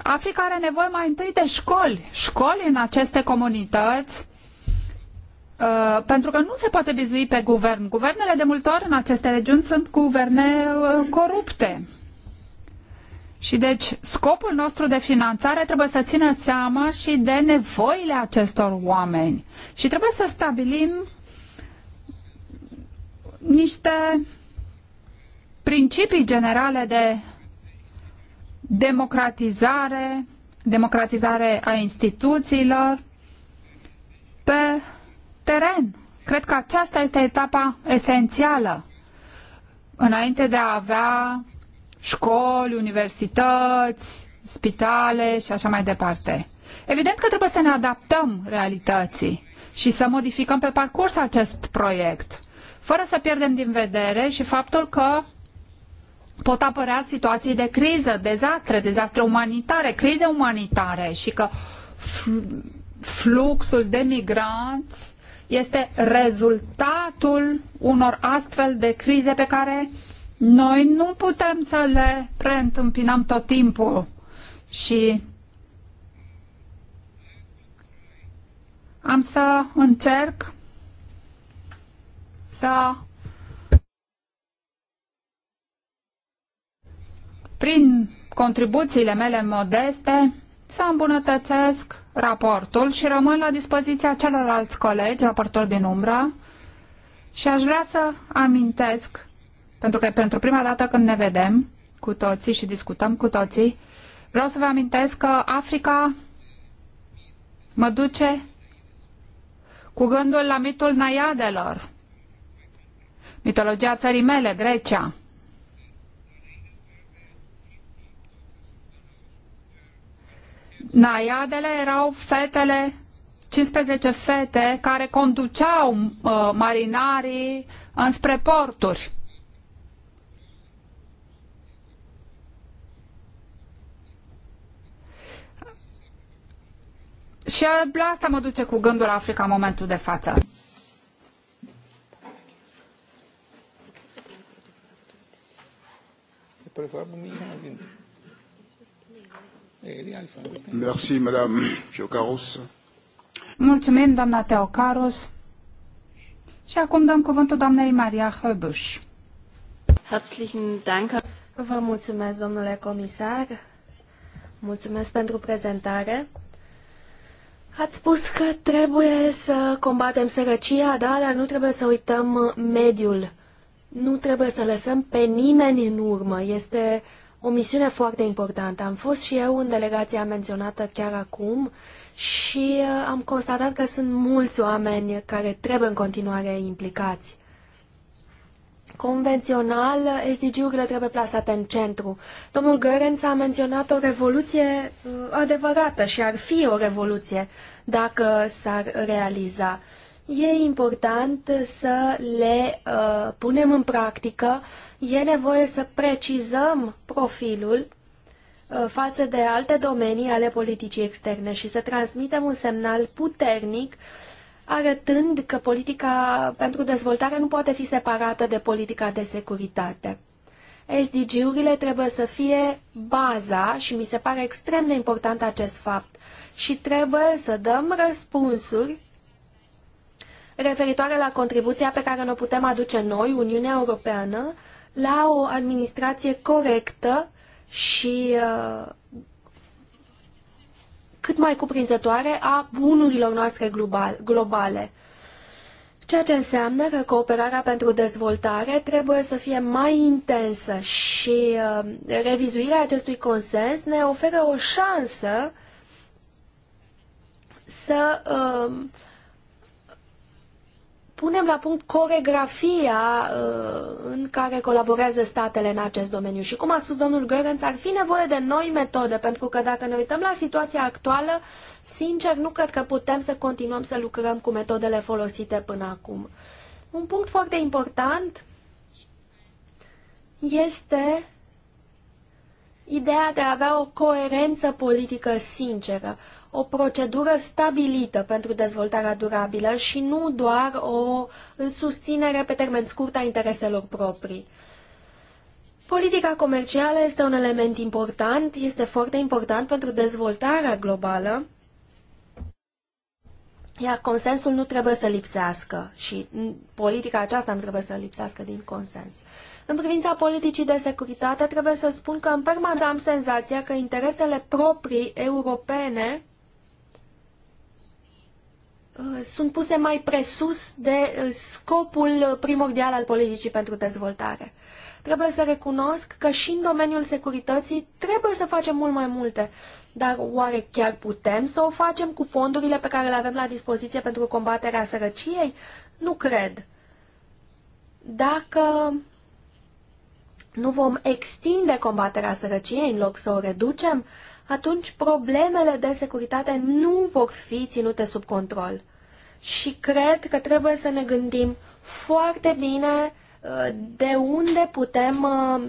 Africa are nevoie mai întâi de școli. Școli în aceste comunități uh, pentru că nu se poate bizui pe guvern. Guvernele de multe ori în aceste regiuni sunt guverne uh, corupte. Și deci scopul nostru de finanțare trebuie să țină seama și de nevoile acestor oameni. Și trebuie să stabilim niște principii generale de democratizare, democratizare a instituțiilor pe teren. Cred că aceasta este etapa esențială înainte de a avea școli, universități, spitale și așa mai departe. Evident că trebuie să ne adaptăm realității și să modificăm pe parcurs acest proiect, fără să pierdem din vedere și faptul că pot apărea situații de criză, dezastre, dezastre umanitare, crize umanitare și că fluxul de migranți este rezultatul unor astfel de crize pe care uh, noi nu putem să le preîntâmpinăm tot timpul și am să încerc să prin contribuțiile mele modeste să îmbunătățesc raportul și rămân la dispoziția celorlalți colegi, raportori din umbră, și aș vrea să amintesc pentru că pentru prima dată când ne vedem cu toții și discutăm cu toții, vreau să vă amintesc că Africa mă duce cu gândul la mitul naiadelor, mitologia țării mele, Grecia. Naiadele erau fetele, 15 fete, care conduceau uh, marinarii înspre porturi. Și la asta mă duce cu gândul Africa în momentul de față. Merci, Madame Teocaros. Mulțumim, doamna Teocaros. Și acum dăm cuvântul doamnei Maria Hăbuș. Vă mulțumesc, domnule comisar. Mulțumesc pentru prezentare. Ați spus că trebuie să combatem sărăcia, da, dar nu trebuie să uităm mediul. Nu trebuie să lăsăm pe nimeni în urmă. Este o misiune foarte importantă. Am fost și eu în delegația menționată chiar acum și uh, am constatat că sunt mulți oameni care trebuie în continuare implicați convențional, SDG-urile trebuie plasate în centru. Domnul Gărenț a menționat o revoluție uh, adevărată și ar fi o revoluție dacă s-ar realiza. E important să le uh, punem în practică, e nevoie să precizăm profilul uh, față de alte domenii ale politicii externe și să transmitem un semnal puternic uh, arătând că politica pentru dezvoltare nu poate fi separată de politica de securitate. SDG-urile trebuie să fie baza și mi se pare extrem de important acest fapt și trebuie să dăm răspunsuri referitoare la contribuția pe care ne putem aduce noi, Uniunea Europeană, la o administrație corectă și uh, cât mai cuprinzătoare a bunurilor noastre globale. Ceea ce înseamnă că cooperarea pentru dezvoltare trebuie să fie mai intensă și uh, revizuirea acestui consens ne oferă o șansă să uh, punem la punct coregrafia uh, în care colaborează statele în acest domeniu. Și cum a spus domnul Görens, ar fi nevoie de noi metode, pentru că dacă ne uităm la situația actuală, sincer, nu cred că putem să continuăm să lucrăm cu metodele folosite până acum. Un punct foarte important este ideea de a avea o coerență politică sinceră, o procedură stabilită pentru dezvoltarea durabilă și nu doar o susținere pe termen scurt a intereselor proprii. Politica comercială este un element important, este foarte important pentru dezvoltarea globală iar consensul nu trebuie să lipsească și politica aceasta nu trebuie să lipsească din consens. În privința politicii de securitate, trebuie să spun că în permanență am senzația că interesele proprii europene uh, sunt puse mai presus de uh, scopul primordial al politicii pentru dezvoltare. Trebuie să recunosc că și în domeniul securității trebuie să facem mult mai multe dar oare chiar putem să o facem cu fondurile pe care le avem la dispoziție pentru combaterea sărăciei? Nu cred. Dacă nu vom extinde combaterea sărăciei în loc să o reducem, atunci problemele de securitate nu vor fi ținute sub control. Și cred că trebuie să ne gândim foarte bine de unde putem uh,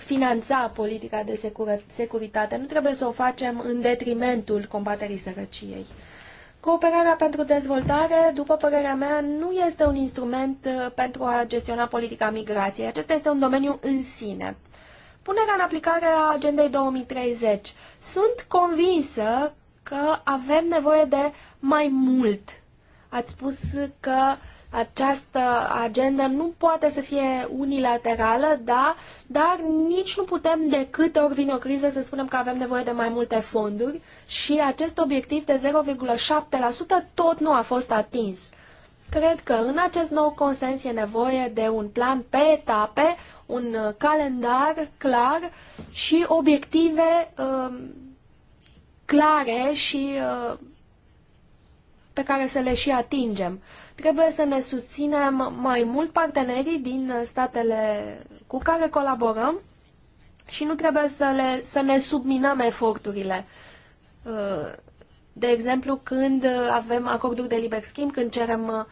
finanța politica de securitate. Nu trebuie să o facem în detrimentul combaterii sărăciei. Cooperarea pentru dezvoltare, după părerea mea, nu este un instrument uh, pentru a gestiona politica migrației. Acesta este un domeniu în sine. Punerea în aplicare a Agendei 2030. Sunt convinsă că avem nevoie de mai mult. Ați spus că uh, această agendă nu poate să fie unilaterală, da, dar nici nu putem de câte ori vine o criză să spunem că avem nevoie de mai multe fonduri și acest obiectiv de 0,7% tot nu a fost atins. Cred că în acest nou consens e nevoie de un plan pe etape, un uh, calendar clar și obiective uh, clare și uh, pe care să le și atingem. Trebuie să ne susținem mai mult partenerii din statele cu care colaborăm și nu trebuie să, le, să ne subminăm eforturile. Uh, de exemplu, când avem acorduri de liber schimb, când cerem uh,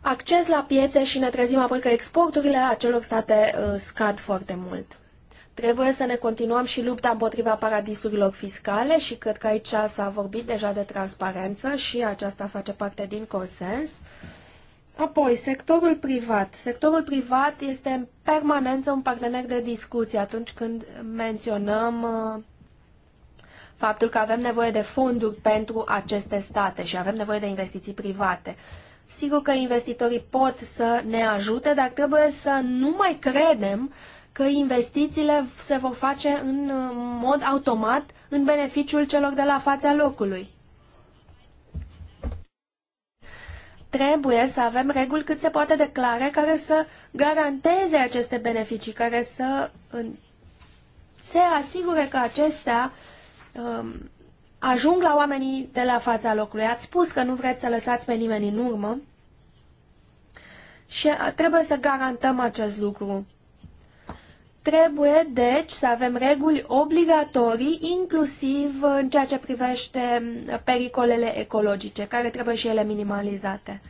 acces la piețe și ne trezim apoi că exporturile acelor state uh, scad foarte mult. Trebuie să ne continuăm și lupta împotriva paradisurilor fiscale și cred că aici s-a vorbit deja de transparență și aceasta face parte din consens. Apoi, sectorul privat. Sectorul privat este în permanență un partener de discuție atunci când menționăm uh, faptul că avem nevoie de fonduri pentru aceste state și avem nevoie de investiții private. Sigur că investitorii pot să ne ajute, dar trebuie să nu mai credem că investițiile se vor face în uh, mod automat în beneficiul celor de la fața locului. Trebuie să avem reguli cât se poate declare care să garanteze aceste beneficii, care să se asigure că acestea um, ajung la oamenii de la fața locului. Ați spus că nu vreți să lăsați pe nimeni în urmă și uh, trebuie să garantăm acest lucru. Trebuie, deci, să avem reguli obligatorii, inclusiv în ceea ce privește pericolele ecologice, care trebuie și ele minimalizate.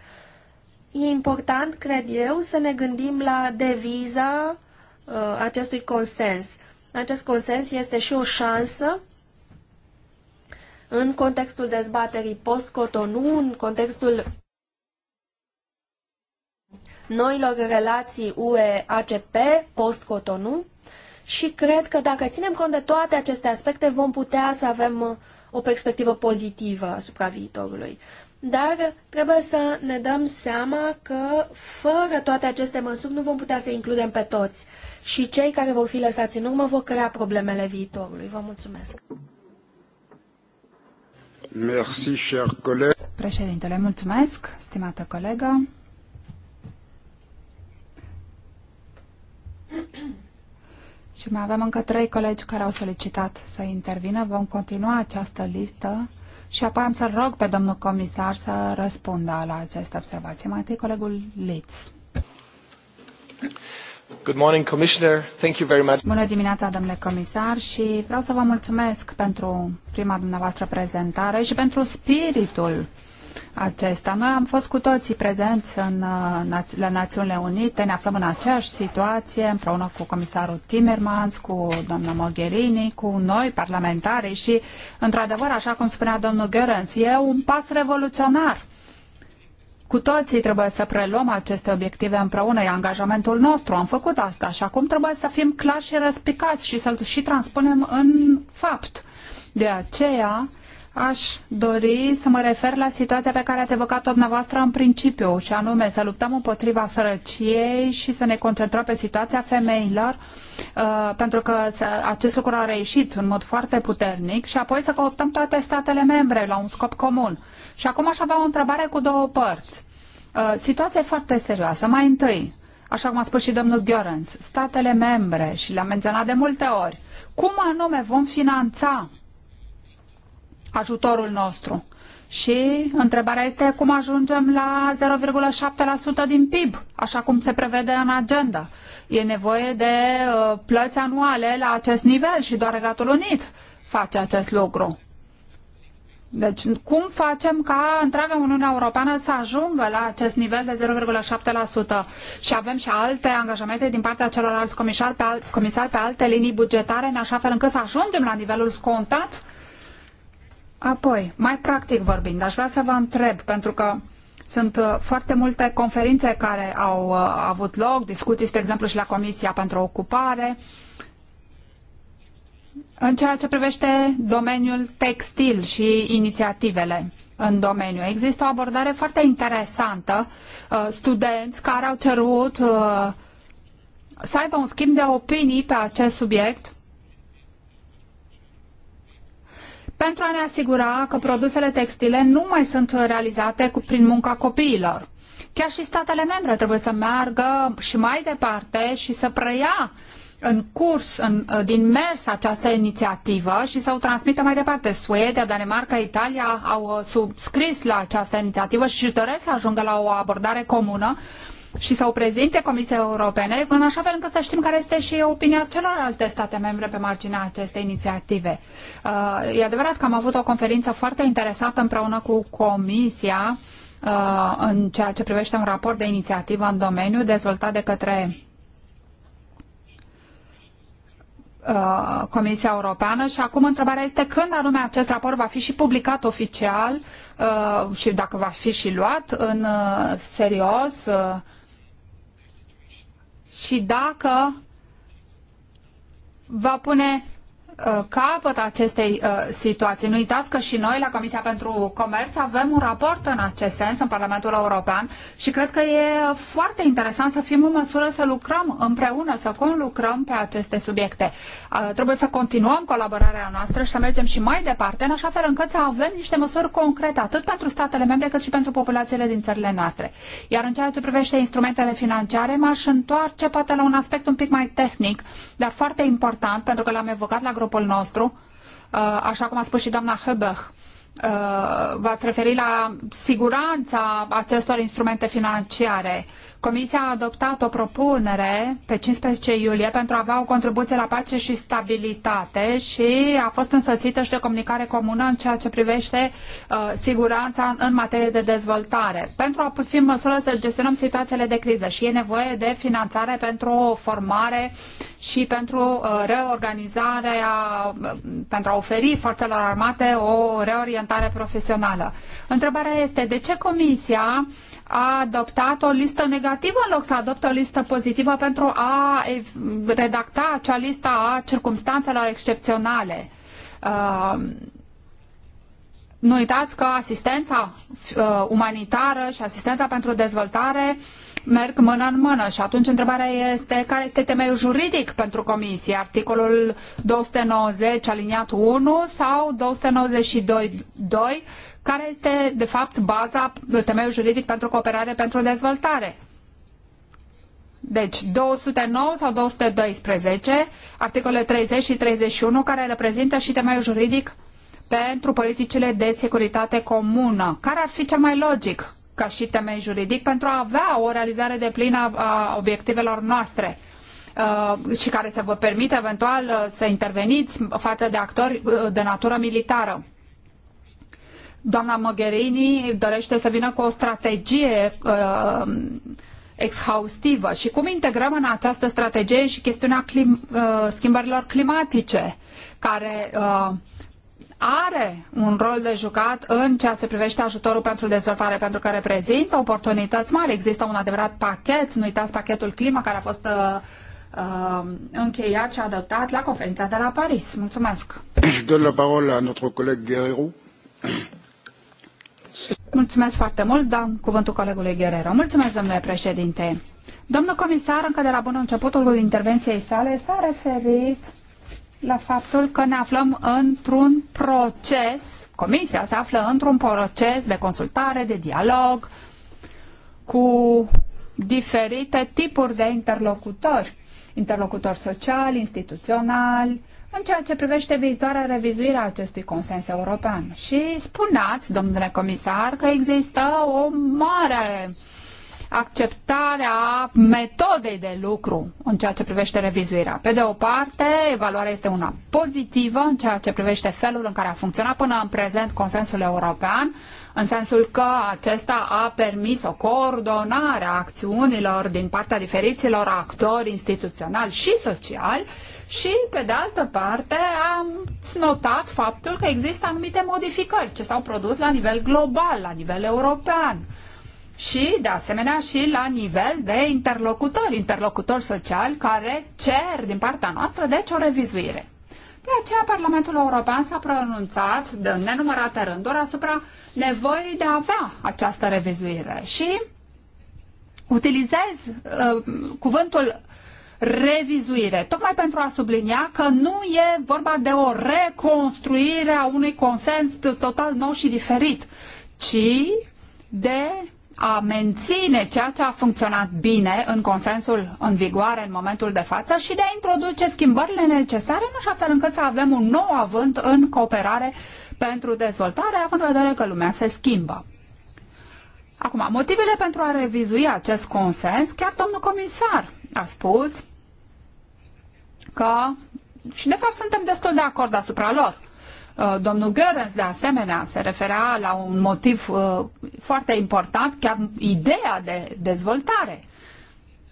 E important, cred eu, să ne gândim la deviza uh, acestui consens. Acest consens este și o șansă în contextul dezbaterii post-Cotonou, în contextul noilor relații UE-ACP post-Cotonou și cred că dacă ținem cont de toate aceste aspecte vom putea să avem uh, o perspectivă pozitivă asupra viitorului. Dar trebuie să ne dăm seama că fără toate aceste măsuri nu vom putea să includem pe toți și cei care vor fi lăsați în urmă vor crea problemele viitorului. Vă mulțumesc! Merci, cher coleg. Președintele, mulțumesc, stimată colegă. Și mai avem încă trei colegi care au solicitat să intervină. Vom continua această listă și apoi am să rog pe domnul comisar să răspundă la această observație. Mai întâi colegul Litz. Good morning, Commissioner. Thank you very much. Bună dimineața, domnule comisar, și vreau să vă mulțumesc pentru prima dumneavoastră prezentare și pentru spiritul acesta. Noi am fost cu toții prezenți în, uh, la Națiunile Unite, ne aflăm în aceeași situație, împreună cu comisarul Timmermans, cu doamna Mogherini, cu noi, parlamentarii și, într-adevăr, așa cum spunea domnul Görens, e un pas revoluționar. Cu toții trebuie să preluăm aceste obiective împreună, e angajamentul nostru, am făcut asta și acum trebuie să fim clari și răspicați și să-l și transpunem în fapt. De aceea, aș dori să mă refer la situația pe care ați evocat-o dumneavoastră în principiu, și anume să luptăm împotriva sărăciei și să ne concentrăm pe situația femeilor, uh, pentru că acest lucru a reușit în mod foarte puternic, și apoi să cooptăm toate statele membre la un scop comun. Și acum aș avea o întrebare cu două părți. Uh, situația e foarte serioasă. Mai întâi, așa cum a spus și domnul Görens, statele membre, și le-am menționat de multe ori, cum anume vom finanța ajutorul nostru. Și întrebarea este cum ajungem la 0,7% din PIB, așa cum se prevede în agenda. E nevoie de uh, plăți anuale la acest nivel și doar Regatul Unit face acest lucru. Deci cum facem ca întreaga Uniunea Europeană să ajungă la acest nivel de 0,7% și avem și alte angajamente din partea celorlalți comisari pe, comisari pe alte linii bugetare în așa fel încât să ajungem la nivelul scontat uh, Apoi, mai practic vorbind, aș vrea să vă întreb, pentru că sunt uh, foarte multe conferințe care au uh, avut loc, discuții, spre exemplu, și la Comisia pentru Ocupare, în ceea ce privește domeniul textil și inițiativele în domeniu. Există o abordare foarte interesantă, uh, studenți care au cerut să aibă un schimb de opinii pe acest subiect pentru a ne asigura că produsele textile nu mai sunt realizate cu, prin munca copiilor. Chiar și statele membre trebuie să meargă și mai departe și să preia în curs, în, uh, din mers această inițiativă și să o transmită mai departe. Suedia, Danemarca, Italia au uh, subscris la această inițiativă și își doresc să ajungă la o abordare comună și să o prezinte Comisiei Europene, în așa fel încât să știm care este și opinia celorlalte state membre pe marginea acestei inițiative. Uh, e adevărat că am avut o conferință foarte interesată împreună cu Comisia uh, în ceea ce privește un raport de inițiativă în domeniu dezvoltat de către uh, Comisia Europeană și acum întrebarea este când anume acest raport va fi și publicat oficial și dacă va fi și luat în serios și dacă va pune Uh, capăt acestei uh, situații. Nu uitați că și noi la Comisia pentru Comerț avem un raport în acest sens în Parlamentul European și cred că e foarte interesant să fim în măsură să lucrăm împreună, să conlucrăm pe aceste subiecte. Uh, trebuie să continuăm colaborarea noastră și să mergem și mai departe, în așa fel încât să avem niște măsuri concrete, atât pentru statele membre, cât și pentru populațiile din țările noastre. Iar în ceea ce privește instrumentele financiare, m-aș întoarce poate la un aspect un pic mai tehnic, dar foarte important, pentru că l-am evocat la grup scopul nostru, uh, așa cum a spus și doamna Höbech, Uh, v-ați referit la siguranța acestor instrumente financiare. Comisia a adoptat o propunere pe 15 iulie pentru a avea o contribuție la pace și stabilitate și a fost însățită și de comunicare comună în ceea ce privește uh, siguranța în materie de dezvoltare. Pentru a fi în măsură să gestionăm situațiile de criză și e nevoie de finanțare pentru o formare și pentru uh, reorganizarea, uh, pentru a oferi forțelor armate o reorientare orientare profesională. Întrebarea este de ce Comisia a adoptat o listă negativă în loc să adopte o listă pozitivă pentru a redacta acea listă a circumstanțelor excepționale. Uh, nu uitați că asistența uh, umanitară și asistența pentru dezvoltare uh, merg mână în mână și atunci întrebarea este care este temeiul juridic pentru comisie, articolul 290 aliniat 1 sau 292 2, care este de fapt baza, temeiul juridic pentru cooperare pentru dezvoltare. Deci 209 sau 212, articolele 30 și 31, care reprezintă și temeiul juridic pentru politicile de securitate comună. Care ar fi cel mai logic? ca și temei juridic pentru a avea o realizare de plină a obiectivelor noastre uh, și care să vă permită eventual uh, să interveniți față de actori uh, de natură militară. Doamna Mogherini dorește să vină cu o strategie uh, exhaustivă și cum integrăm în această strategie și chestiunea clim, uh, schimbărilor climatice, care uh, are un rol de jucat în ceea ce privește ajutorul pentru dezvoltare, pentru că reprezintă oportunități mari. Există un adevărat pachet, nu uitați pachetul clima care a fost uh, uh încheiat și adoptat la conferința de la Paris. Mulțumesc! Dă la parola a notre coleg Guerrero. Mulțumesc foarte mult, dau cuvântul colegului Guerrero. Mulțumesc, domnule președinte. Domnul comisar, încă de la bun începutul intervenției sale, s-a referit la faptul că ne aflăm într-un proces, comisia se află într-un proces de consultare, de dialog cu diferite tipuri de interlocutori, interlocutori sociali, instituționali, în ceea ce privește viitoarea revizuire a acestui consens european. Și spuneați, domnule comisar, că există o mare uh, acceptarea metodei de lucru în ceea ce privește revizuirea. Pe de o parte, evaluarea este una pozitivă în ceea ce privește felul în care a funcționat până în prezent consensul european, în sensul că acesta a permis o coordonare a acțiunilor din partea diferiților actori instituționali și sociali și, pe de altă parte, am notat faptul că există anumite modificări ce s-au produs la nivel global, la nivel european și, de asemenea, și la nivel de interlocutori, interlocutori sociali care cer din partea noastră, deci, o revizuire. De aceea, Parlamentul European s-a pronunțat de nenumărate rânduri asupra nevoii de a avea această revizuire și utilizez uh, cuvântul revizuire, tocmai pentru a sublinia că nu e vorba de o reconstruire a unui consens total nou și diferit, ci de a menține ceea ce a funcționat bine în consensul în vigoare în momentul de față și de a introduce schimbările necesare în așa fel încât să avem un nou avânt în cooperare pentru dezvoltare, având în vedere că lumea se schimbă. Acum, motivele pentru a revizui acest consens, chiar domnul comisar a spus că, și de fapt suntem destul de acord asupra lor, Uh, domnul Görens, de asemenea, se referea la un motiv uh, foarte important, chiar ideea de dezvoltare.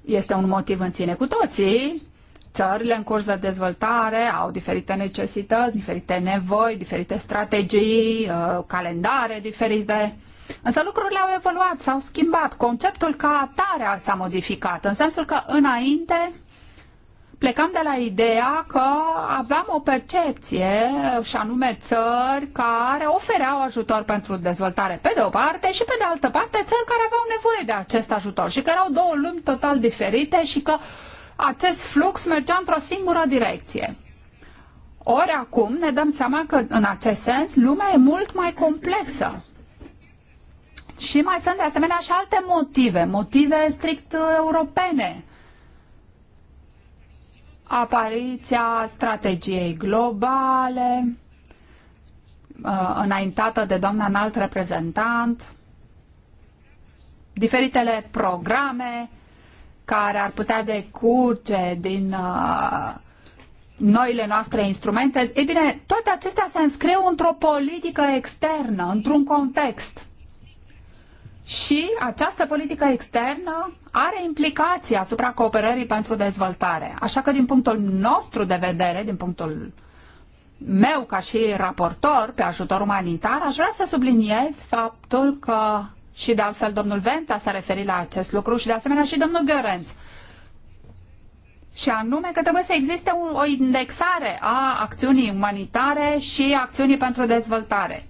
Este un motiv în sine cu toții. Țările în curs de dezvoltare au diferite necesități, diferite nevoi, diferite strategii, uh, calendare diferite. Însă lucrurile au evoluat, s-au schimbat. Conceptul ca atare s-a modificat, în sensul că înainte plecam de la ideea că aveam o percepție și anume țări care ofereau ajutor pentru dezvoltare pe de o parte și pe de altă parte țări care aveau nevoie de acest ajutor și că erau două lumi total diferite și că acest flux mergea într-o singură direcție. Ori acum ne dăm seama că în acest sens lumea e mult mai complexă. Și mai sunt de asemenea și alte motive, motive strict europene apariția strategiei globale uh, înaintată de doamna înalt reprezentant, diferitele programe care ar putea decurge din uh, noile noastre instrumente. Ei bine, toate acestea se înscriu într-o politică externă, într-un context și această politică externă are implicații asupra cooperării pentru dezvoltare. Așa că din punctul nostru de vedere, din punctul meu ca și raportor pe ajutor umanitar, aș vrea să subliniez faptul că și de altfel domnul Venta s-a referit la acest lucru și de asemenea și domnul Gărenț. Și anume că trebuie să existe o indexare a acțiunii umanitare și acțiunii pentru dezvoltare.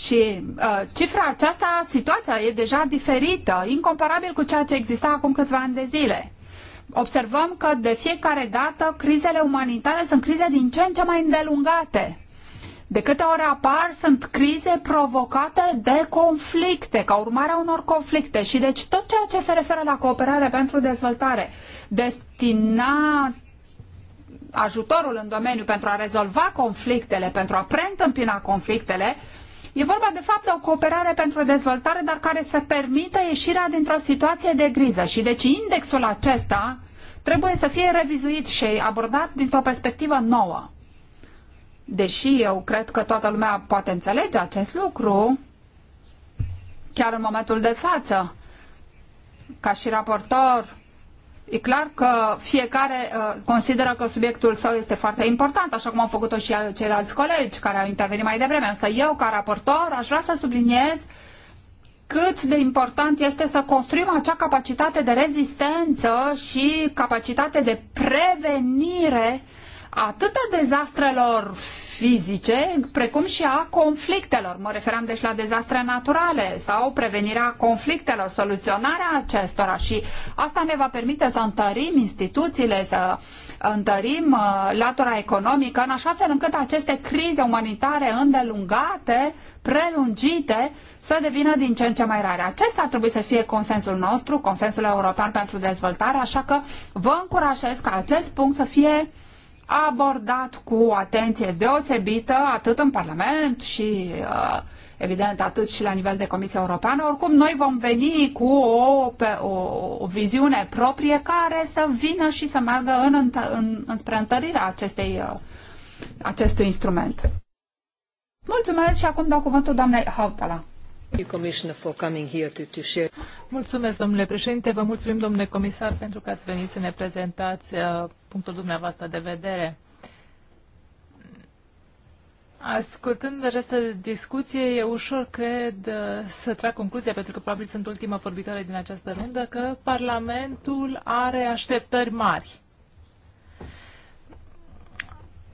Și uh, cifra aceasta, situația e deja diferită, incomparabil cu ceea ce exista acum câțiva ani de zile. Observăm că de fiecare dată crizele umanitare sunt crize din ce în ce mai îndelungate. De câte ori apar, sunt crize provocate de conflicte, ca urmare a unor conflicte. Și deci tot ceea ce se referă la cooperare pentru dezvoltare, destinat ajutorul în domeniu pentru a rezolva conflictele, pentru a preîntâmpina conflictele, E vorba de fapt de o cooperare pentru dezvoltare, dar care să permită ieșirea dintr-o situație de griză. Și deci indexul acesta trebuie să fie revizuit și abordat dintr-o perspectivă nouă. Deși eu cred că toată lumea poate înțelege acest lucru, chiar în momentul de față, ca și raportor E clar că fiecare uh, consideră că subiectul său este foarte important, așa cum au făcut-o și ceilalți colegi care au intervenit mai devreme. Însă eu, ca raportor, aș vrea să subliniez cât de important este să construim acea capacitate de rezistență și capacitate de prevenire uh, atât a dezastrelor fizice, precum și a conflictelor. Mă referam deci la dezastre naturale sau prevenirea conflictelor, soluționarea acestora și asta ne va permite să întărim instituțiile, să întărim uh, latura economică, în așa fel încât aceste crize umanitare îndelungate, prelungite, să devină din ce în ce mai rare. Acesta ar trebui să fie consensul nostru, consensul european pentru dezvoltare, așa că vă încurajez ca acest punct să fie abordat cu atenție deosebită atât în Parlament și uh, evident atât și la nivel de Comisia Europeană. Oricum, noi vom veni cu o, o, o viziune proprie care să vină și să meargă în, în, înspre întărirea acestei, uh, acestui instrument. Mulțumesc și acum dau cuvântul doamnei Hautala. Mulțumesc, domnule președinte, vă mulțumim, domnule comisar, pentru că ați venit să ne prezentați uh, punctul dumneavoastră de vedere. Ascultând această discuție, e ușor, cred, uh, să trag concluzia, pentru că probabil sunt ultima vorbitoare din această rundă, că Parlamentul are așteptări mari.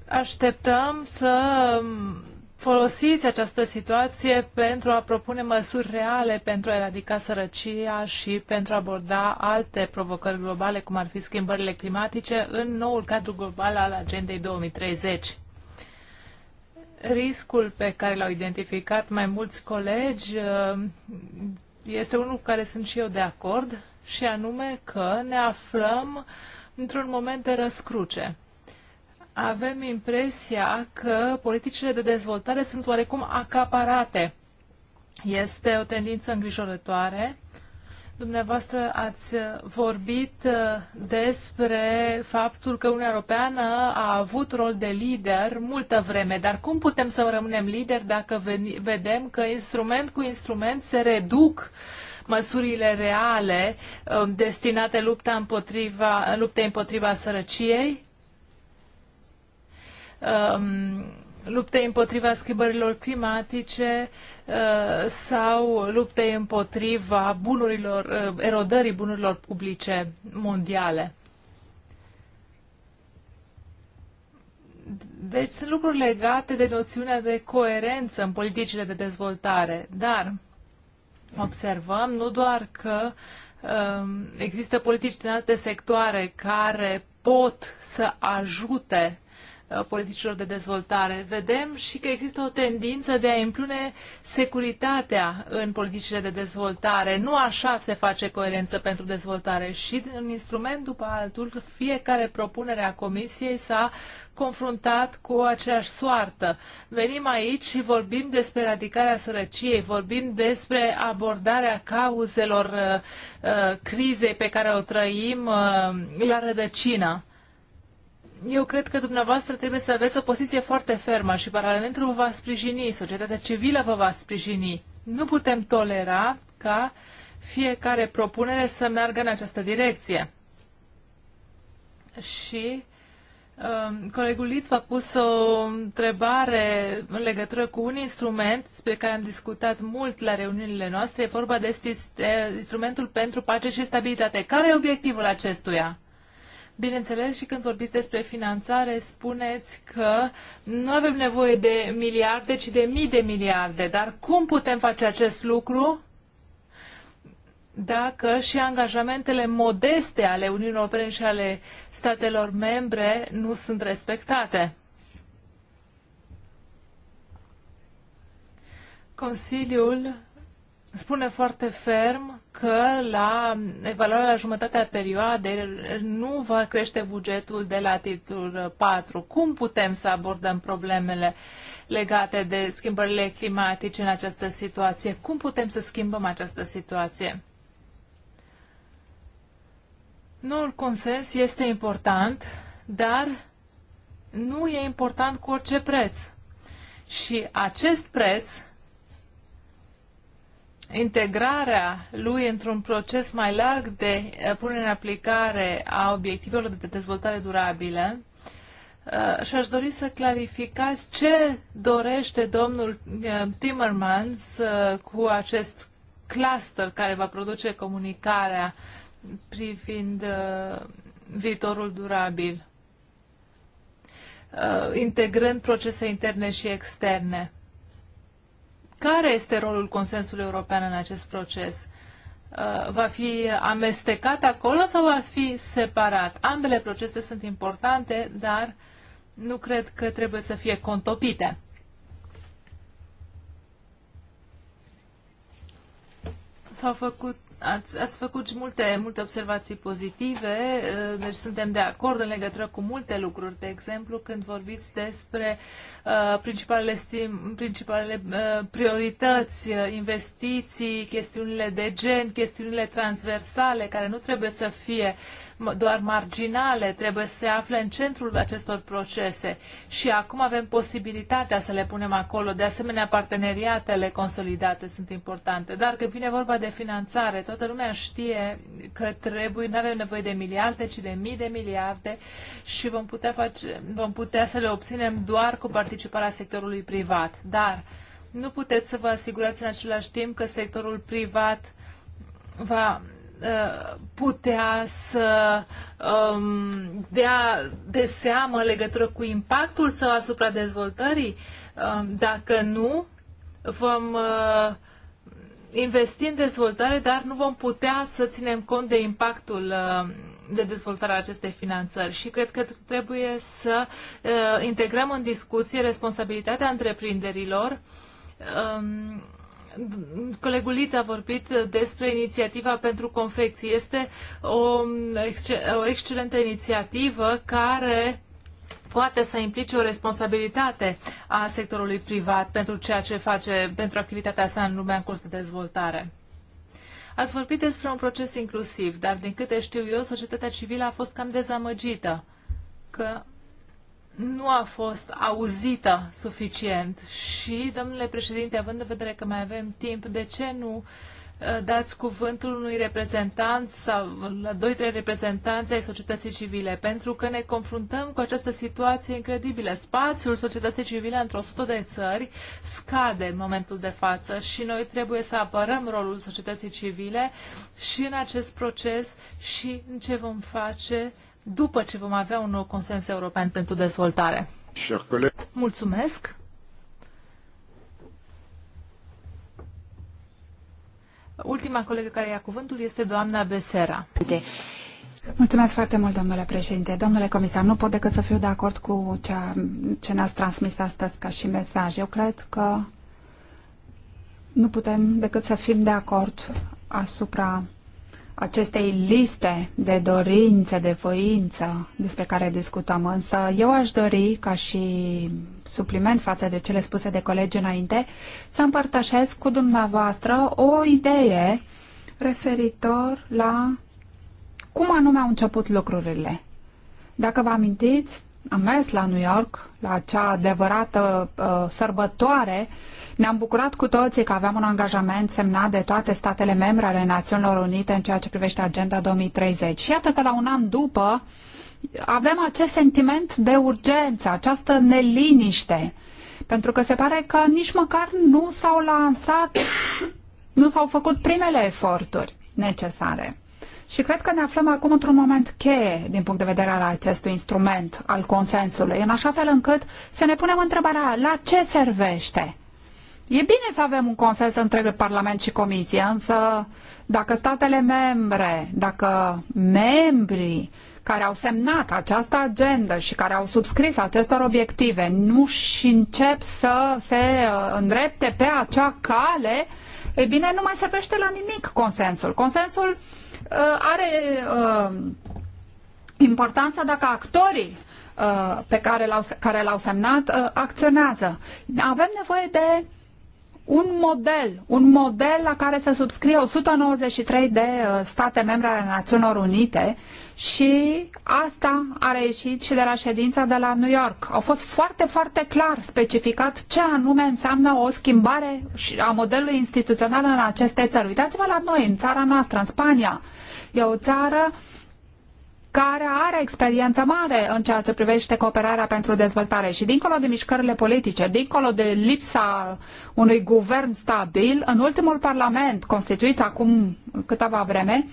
Așteptăm să folosiți această situație pentru a propune măsuri reale pentru a eradica sărăcia și pentru a aborda alte provocări globale, cum ar fi schimbările climatice, în noul cadru global al Agendei 2030. Riscul pe care l-au identificat mai mulți colegi uh, este unul cu care sunt și eu de acord, și anume că ne aflăm într-un moment de răscruce avem impresia că politicile de dezvoltare sunt oarecum acaparate. Este o tendință îngrijorătoare. Dumneavoastră ați vorbit uh, despre faptul că Uniunea Europeană a avut rol de lider multă vreme, dar cum putem să rămânem lideri dacă vedem că instrument cu instrument se reduc măsurile reale uh, destinate lupta împotriva, luptei împotriva sărăciei? um, luptei împotriva schimbărilor climatice uh, sau luptei împotriva bunurilor, uh, erodării bunurilor publice mondiale. Deci sunt lucruri legate de noțiunea de coerență în politicile de dezvoltare, dar observăm nu doar că um, există politici din alte sectoare care pot să ajute Uh, politicilor de dezvoltare. Vedem și că există o tendință de a impune securitatea în politicile de dezvoltare. Nu așa se face coerență pentru dezvoltare și un instrument după altul, fiecare propunere a Comisiei s-a confruntat cu aceeași soartă. Venim aici și vorbim despre radicarea sărăciei, vorbim despre abordarea cauzelor uh, uh, crizei pe care o trăim uh, la rădăcină eu cred că dumneavoastră trebuie să aveți o poziție foarte fermă și Parlamentul vă va sprijini, societatea civilă vă va sprijini. Nu putem tolera ca fiecare propunere să meargă în această direcție. Și um, colegul Liț a pus o întrebare în legătură cu un instrument despre care am discutat mult la reuniunile noastre. E vorba de instrumentul pentru pace și stabilitate. Care e obiectivul acestuia? Bineînțeles, și când vorbiți despre finanțare, spuneți că nu avem nevoie de miliarde, ci de mii de miliarde. Dar cum putem face acest lucru? dacă și angajamentele modeste ale Uniunii Europene și ale statelor membre nu sunt respectate. Consiliul spune foarte ferm că la evaluarea la jumătatea perioadei nu va crește bugetul de la titlul 4. Cum putem să abordăm problemele legate de schimbările climatice în această situație? Cum putem să schimbăm această situație? Noul consens este important, dar nu e important cu orice preț. Și acest preț integrarea lui într-un proces mai larg de eh, punere în aplicare a obiectivelor de dezvoltare durabilă. Eh, și aș dori să clarificați ce dorește domnul eh, Timmermans cu acest cluster care va produce comunicarea privind viitorul durabil, integrând procese interne și externe. Care este rolul consensului european în acest proces? Uh, va fi amestecat acolo sau va fi separat? Ambele procese sunt importante, dar nu cred că trebuie să fie contopite. S-au făcut Ați, ați făcut și multe, multe observații pozitive, uh, deci suntem de acord în legătură cu multe lucruri. De exemplu, când vorbiți despre uh, principalele, stim, principalele uh, priorități, uh, investiții, chestiunile de gen, chestiunile transversale, care nu trebuie să fie uh, doar marginale, trebuie să se afle în centrul acestor procese și acum avem posibilitatea să le punem acolo. De asemenea, parteneriatele consolidate sunt importante. Dar când vine vorba de finanțare, toată lumea știe că trebuie, nu avem nevoie de miliarde, ci de mii de miliarde și vom putea, face, vom putea să le obținem doar cu participarea sectorului privat. Dar nu puteți să vă asigurați în același timp că sectorul privat va putea să um, dea de seamă legătură cu impactul său asupra dezvoltării? Um, dacă nu, vom uh, investi în dezvoltare, dar nu vom putea să ținem cont de impactul uh, de dezvoltare a acestei finanțări și cred că trebuie să uh, integrăm în discuție responsabilitatea întreprinderilor um, Colegul a vorbit despre inițiativa pentru confecții. Este o, o excelentă inițiativă care poate să implice o responsabilitate a sectorului privat pentru ceea ce face, pentru activitatea sa în lumea în curs de dezvoltare. Ați vorbit despre un proces inclusiv, dar din câte știu eu, societatea civilă a fost cam dezamăgită că nu a fost auzită suficient și, domnule președinte, având în vedere că mai avem timp, de ce nu uh, dați cuvântul unui reprezentant sau la doi, trei reprezentanți ai societății civile, pentru că ne confruntăm cu această situație incredibilă. Spațiul societății civile într-o sută de țări scade în momentul de față și noi trebuie să apărăm rolul societății civile și în acest proces și în ce vom face uh, după ce vom avea un nou consens european pentru dezvoltare. Mulțumesc! Ultima colegă care ia cuvântul este doamna Besera. Mulțumesc foarte mult, domnule președinte. Domnule comisar, nu pot decât să fiu de acord cu cea, ce ne-ați transmis astăzi ca și mesaj. Eu cred că nu putem decât să fim de acord asupra acestei liste de dorințe, de voință despre care discutăm, însă eu aș dori, ca și supliment față de cele spuse de colegi înainte, să împărtășesc cu dumneavoastră o idee referitor la cum anume au început lucrurile. Dacă vă amintiți, am mers la New York, la acea adevărată uh, sărbătoare, ne-am bucurat cu toții că aveam un angajament semnat de toate statele membre ale Națiunilor Unite în ceea ce privește Agenda 2030. Și iată că la un an după avem acest sentiment de urgență, această neliniște, pentru că se pare că nici măcar nu s-au lansat, nu s-au făcut primele eforturi necesare. Și cred că ne aflăm acum într-un moment cheie din punct de vedere al acestui instrument al consensului, în așa fel încât să ne punem întrebarea la ce servește. E bine să avem un consens între Parlament și Comisie, însă dacă statele membre, dacă membrii care au semnat această agendă și care au subscris acestor obiective nu și încep să se uh, îndrepte pe acea cale, e bine, nu mai servește la nimic consensul. Consensul uh, Uh, are uh, importanța dacă actorii uh, pe care l-au, semnat uh, semnat acționează. Avem nevoie de un model, un model la care să subscrie 193 de state membre ale Națiunilor Unite uh, și asta a reieșit și de la ședința de la New York. Au fost foarte, foarte clar specificat ce anume înseamnă o schimbare a modelului instituțional în aceste țări. Uitați-vă la noi, în țara noastră, în Spania. E o țară care are experiență mare în ceea ce privește cooperarea pentru dezvoltare și dincolo de mișcările politice, dincolo de lipsa unui guvern stabil, în ultimul parlament constituit acum câteva vreme, uh,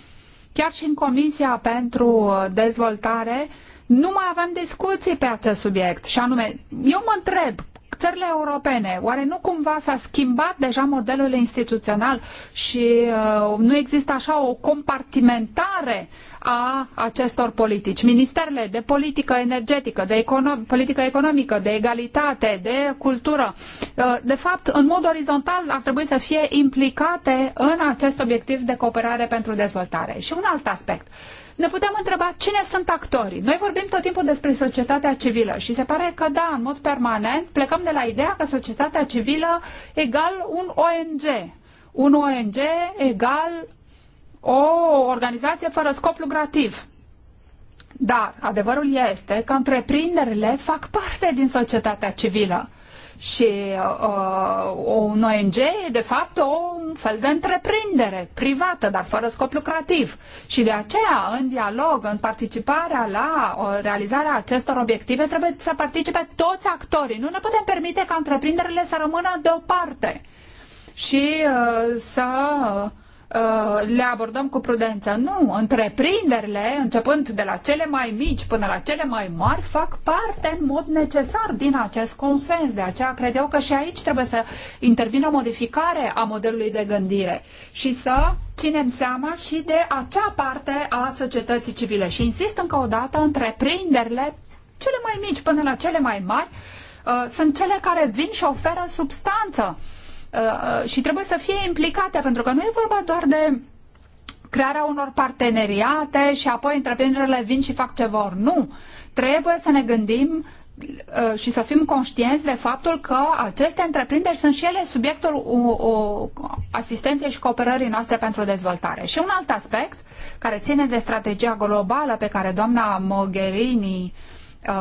Chiar și în Comisia pentru Dezvoltare nu mai avem discuții pe acest subiect. Și anume, eu mă întreb țările europene, oare nu cumva s-a schimbat deja modelul instituțional și uh, nu există așa o compartimentare a acestor politici? Ministerele de politică energetică, de econo- politică economică, de egalitate, de cultură, uh, de fapt, în mod orizontal ar trebui să fie implicate în acest obiectiv de cooperare pentru dezvoltare. Și un alt aspect ne putem întreba cine sunt actorii. Noi vorbim tot timpul despre societatea civilă și se pare că, da, în mod permanent, plecăm de la ideea că societatea civilă egal un ONG. Un ONG egal o organizație fără scop lucrativ. Dar adevărul este că întreprinderile fac parte din societatea civilă și uh, un ONG e de fapt o, un fel de întreprindere privată, dar fără scop lucrativ. Și de aceea, în dialog, în participarea la realizarea acestor obiective, trebuie să participe toți actorii. Nu ne putem permite ca întreprinderile să rămână deoparte și uh, să uh, Uh, le abordăm cu prudență. Nu, întreprinderile, începând de la cele mai mici până la cele mai mari, fac parte în mod necesar din acest consens. De aceea cred eu că și aici trebuie să intervină o modificare a modelului de gândire și să ținem seama și de acea parte a societății civile. Și insist încă o dată, întreprinderile cele mai mici până la cele mai mari uh, sunt cele care vin și oferă substanță Uh, și trebuie să fie implicate, pentru că nu e vorba doar de crearea unor parteneriate și apoi întreprinderile vin și fac ce vor. Nu! Trebuie să ne gândim uh, și să fim conștienți de faptul că aceste întreprinderi sunt și ele subiectul o, o, asistenței și cooperării noastre pentru dezvoltare. Și un alt aspect care ține de strategia globală pe care doamna Mogherini Uh,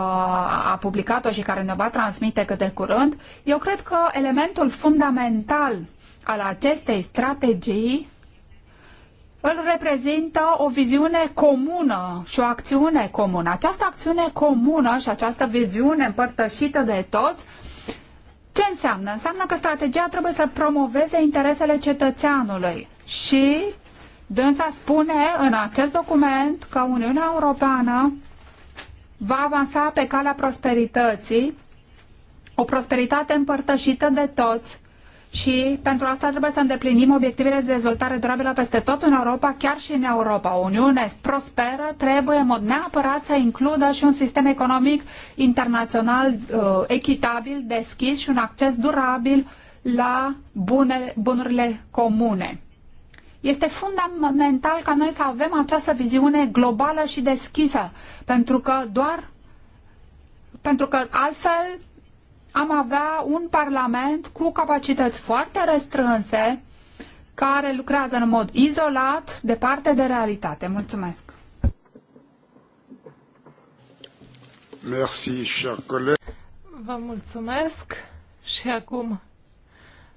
a publicat-o și care ne va transmite cât de curând, eu cred că elementul fundamental al acestei strategii îl reprezintă o viziune comună și o acțiune comună. Această acțiune comună și această viziune împărtășită de toți, ce înseamnă? Înseamnă că strategia trebuie să promoveze interesele cetățeanului și dânsa spune în acest document că Uniunea Europeană va avansa pe calea prosperității, o prosperitate împărtășită de toți și pentru asta trebuie să îndeplinim obiectivele de dezvoltare durabilă peste tot în Europa, chiar și în Europa. O Uniune prosperă trebuie în mod neapărat să includă și un sistem economic internațional uh, echitabil, deschis și un acces durabil la bune, bunurile comune. Este fundamental ca noi să avem această viziune globală și deschisă, pentru că doar pentru că altfel am avea un parlament cu capacități foarte restrânse care lucrează în mod izolat, departe de realitate. Mulțumesc. Merci, cher coleg. Vă mulțumesc și acum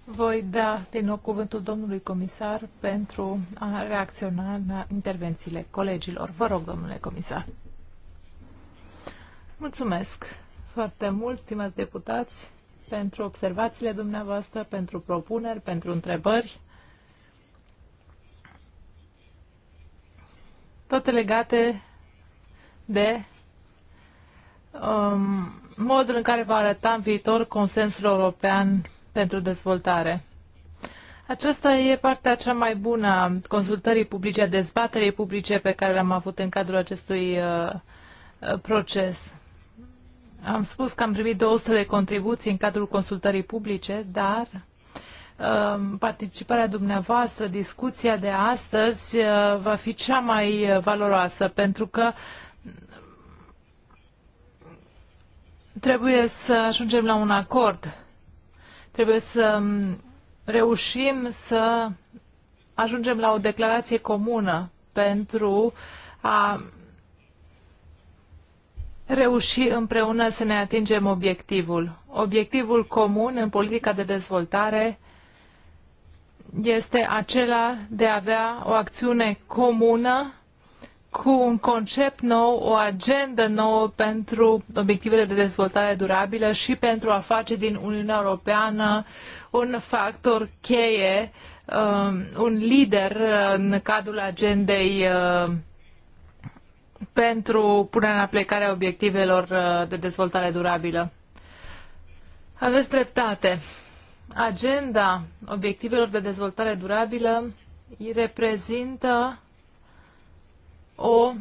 voi da din nou cuvântul domnului comisar pentru a reacționa la intervențiile colegilor. Vă rog, domnule comisar. Mulțumesc foarte mult, stimați deputați, pentru observațiile dumneavoastră, pentru propuneri, pentru întrebări. Toate legate de um, modul în care va arăta în viitor consensul european pentru dezvoltare. Aceasta e partea cea mai bună a consultării publice, a dezbaterii publice pe care le-am avut în cadrul acestui uh, uh, proces. Am spus că am primit 200 de contribuții în cadrul consultării publice, dar um, participarea dumneavoastră, discuția de astăzi uh, va fi cea mai valoroasă, pentru că trebuie să ajungem la un acord Trebuie să mm, reușim să ajungem la o declarație comună pentru a reuși împreună să ne atingem obiectivul. Obiectivul comun în politica de dezvoltare este acela de a avea o acțiune comună cu un concept nou, o agendă nouă pentru obiectivele de dezvoltare durabilă și pentru a face din Uniunea Europeană un factor cheie, um, un lider în cadrul agendei uh, pentru punerea în aplicare a obiectivelor uh, de dezvoltare durabilă. Aveți dreptate. Agenda obiectivelor de dezvoltare durabilă reprezintă o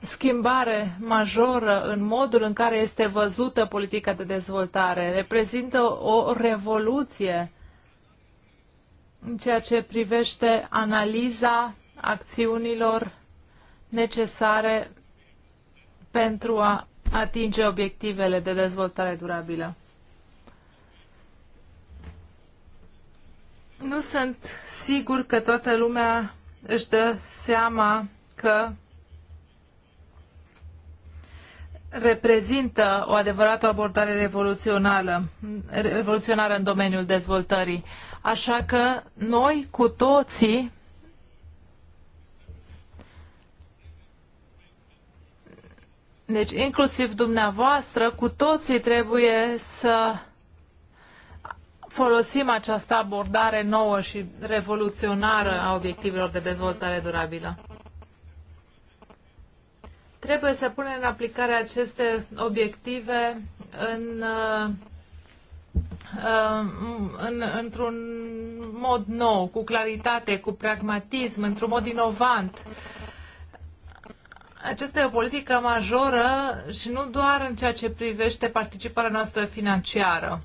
schimbare majoră în modul în care este văzută politica de dezvoltare. Reprezintă o revoluție în ceea ce privește analiza acțiunilor necesare pentru a atinge obiectivele de dezvoltare durabilă. Nu sunt sigur că toată lumea își dă seama că reprezintă o adevărată abordare revoluționară, revoluționară în domeniul dezvoltării. Așa că noi cu toții Deci, inclusiv dumneavoastră, cu toții trebuie să folosim această abordare nouă și revoluționară a obiectivelor de dezvoltare durabilă. Trebuie să punem în aplicare aceste obiective în, uh, în, uh, într-un mod nou, cu claritate, cu pragmatism, într-un mod inovant. Aceasta e o politică majoră și nu doar în ceea ce privește participarea noastră financiară.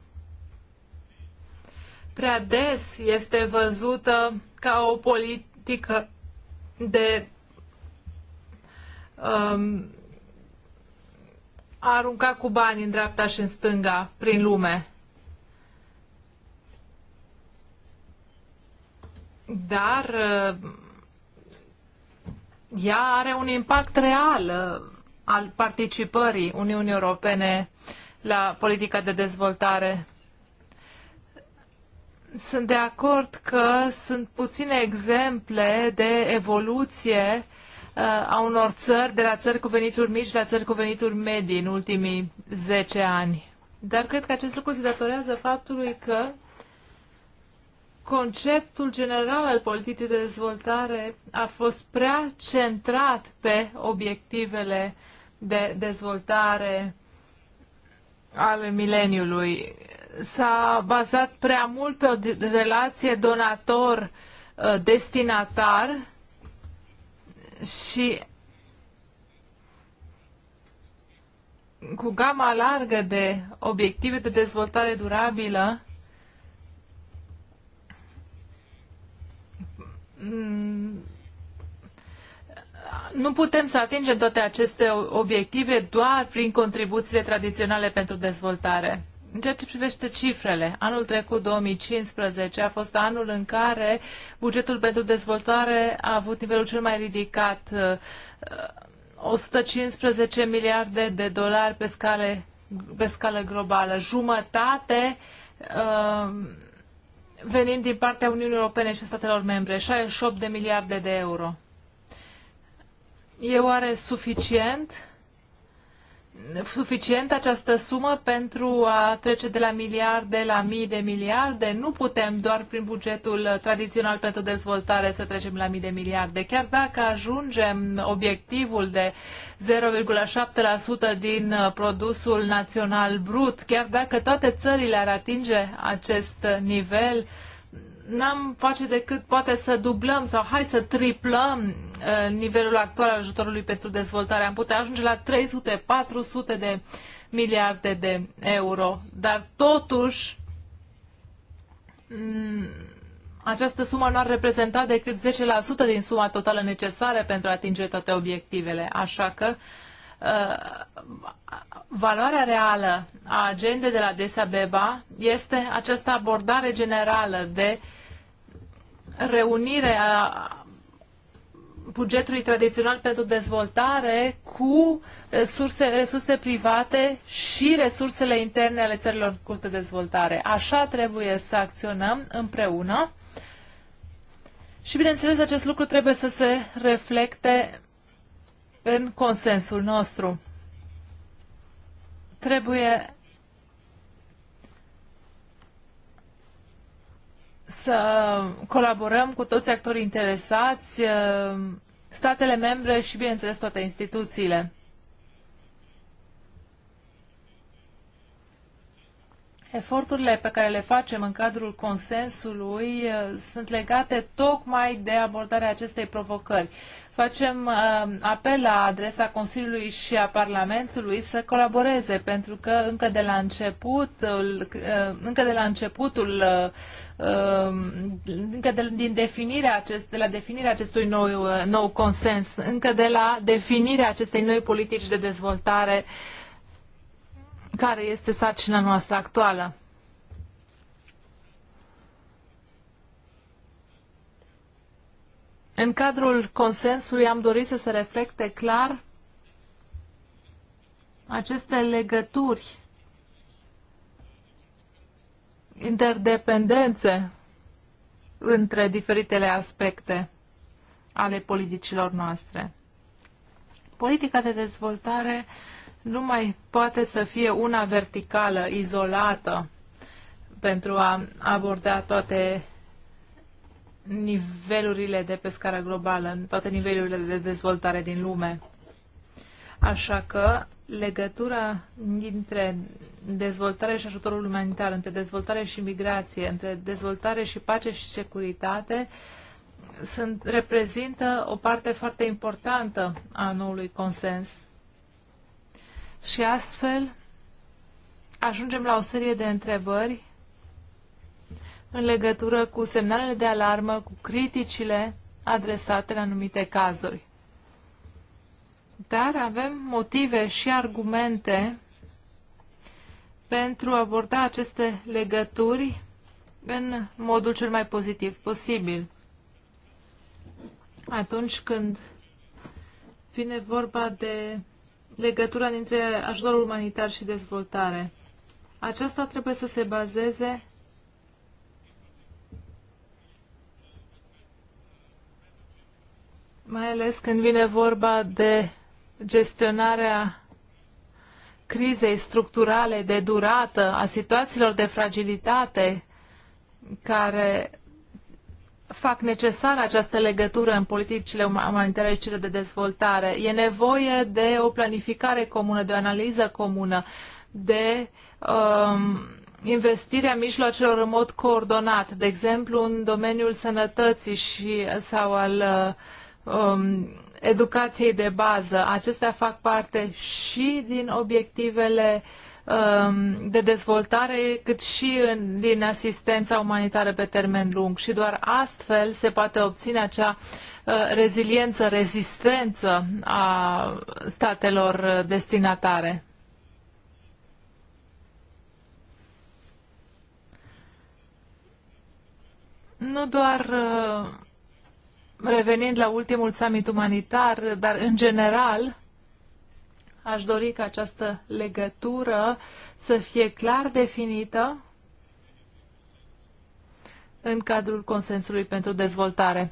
Prea des este văzută ca o politică de Um, a arunca cu bani în dreapta și în stânga, prin lume. Dar uh, ea are un impact real uh, al participării Uniunii Europene la politica de dezvoltare. Sunt de acord că sunt puține exemple de evoluție Uh, a unor țări, de la țări cu venituri mici la țări cu venituri medii în ultimii 10 ani. Dar cred că acest lucru se datorează faptului că conceptul general al politicii de dezvoltare a fost prea centrat pe obiectivele de dezvoltare ale mileniului. S-a bazat prea mult pe o relație donator-destinatar uh, și cu gama largă de obiective de dezvoltare durabilă, mm, nu putem să atingem toate aceste obiective doar prin contribuțiile tradiționale pentru dezvoltare. În ceea ce privește cifrele, anul trecut, 2015, a fost anul în care bugetul pentru dezvoltare a avut nivelul cel mai ridicat, 115 uh, miliarde de dolari pe, scale, pe scală globală, jumătate uh, venind din partea Uniunii Europene și a statelor membre, 68 de miliarde de euro. E oare suficient? suficient această sumă pentru a trece de la miliarde la mii de miliarde? Nu putem doar prin bugetul tradițional pentru dezvoltare să trecem la mii de miliarde. Chiar dacă ajungem obiectivul de 0,7% din produsul național brut, chiar dacă toate țările ar atinge acest nivel, n-am face decât poate să dublăm sau hai să triplăm uh, nivelul actual al ajutorului pentru dezvoltare. Am putea ajunge la 300-400 de miliarde de euro, dar totuși mm, această sumă nu ar reprezenta decât 10% din suma totală necesară pentru a atinge toate obiectivele. Așa că uh, valoarea reală a agendei de la Desabeba este această abordare generală de reunire a bugetului tradițional pentru dezvoltare cu resurse, resurse private și resursele interne ale țărilor cu de dezvoltare. Așa trebuie să acționăm împreună. Și, bineînțeles, acest lucru trebuie să se reflecte în consensul nostru. Trebuie să colaborăm cu toți actorii interesați, statele membre și, bineînțeles, toate instituțiile. Eforturile pe care le facem în cadrul consensului uh, sunt legate tocmai de abordarea acestei provocări. Facem uh, apel la adresa Consiliului și a Parlamentului să colaboreze, pentru că încă de la început, uh, încă de la începutul um, încă de, din definirea acest, de la definirea acestui nou, nou consens, încă de la definirea acestei noi politici de dezvoltare uh, care este sarcina noastră actuală. În cadrul consensului am dorit să se reflecte clar aceste legături, interdependențe între diferitele aspecte ale politicilor noastre. Politica de dezvoltare uh, nu mai poate să fie una verticală, izolată, pentru a aborda toate nivelurile de pe scară globală, toate nivelurile de dezvoltare din lume. Așa că legătura dintre dezvoltare și ajutorul umanitar, între dezvoltare și migrație, între dezvoltare și pace și securitate, sunt, reprezintă o parte foarte importantă a noului consens și astfel ajungem la o serie de întrebări în legătură cu semnalele de alarmă, cu criticile adresate la anumite cazuri. Dar avem motive și argumente pentru a aborda aceste legături în modul cel mai pozitiv posibil. Atunci când vine vorba de legătura dintre ajutorul umanitar și dezvoltare. Aceasta trebuie să se bazeze mai ales când vine vorba de gestionarea crizei structurale de durată, a situațiilor de fragilitate care fac necesară această legătură în politicile umanitare și cele de dezvoltare. E nevoie de o planificare comună, de o analiză comună, de um, investirea mijloacelor în mod coordonat, de exemplu în domeniul sănătății și, sau al um, educației de bază. Acestea fac parte și din obiectivele uh, Um, de dezvoltare, cât și în, din asistența umanitară pe termen lung. Și doar astfel se poate obține acea uh, reziliență, rezistență a statelor uh, destinatare. Nu doar uh, revenind la ultimul summit umanitar, dar în general, Aș dori ca această legătură să fie clar definită în cadrul consensului pentru dezvoltare.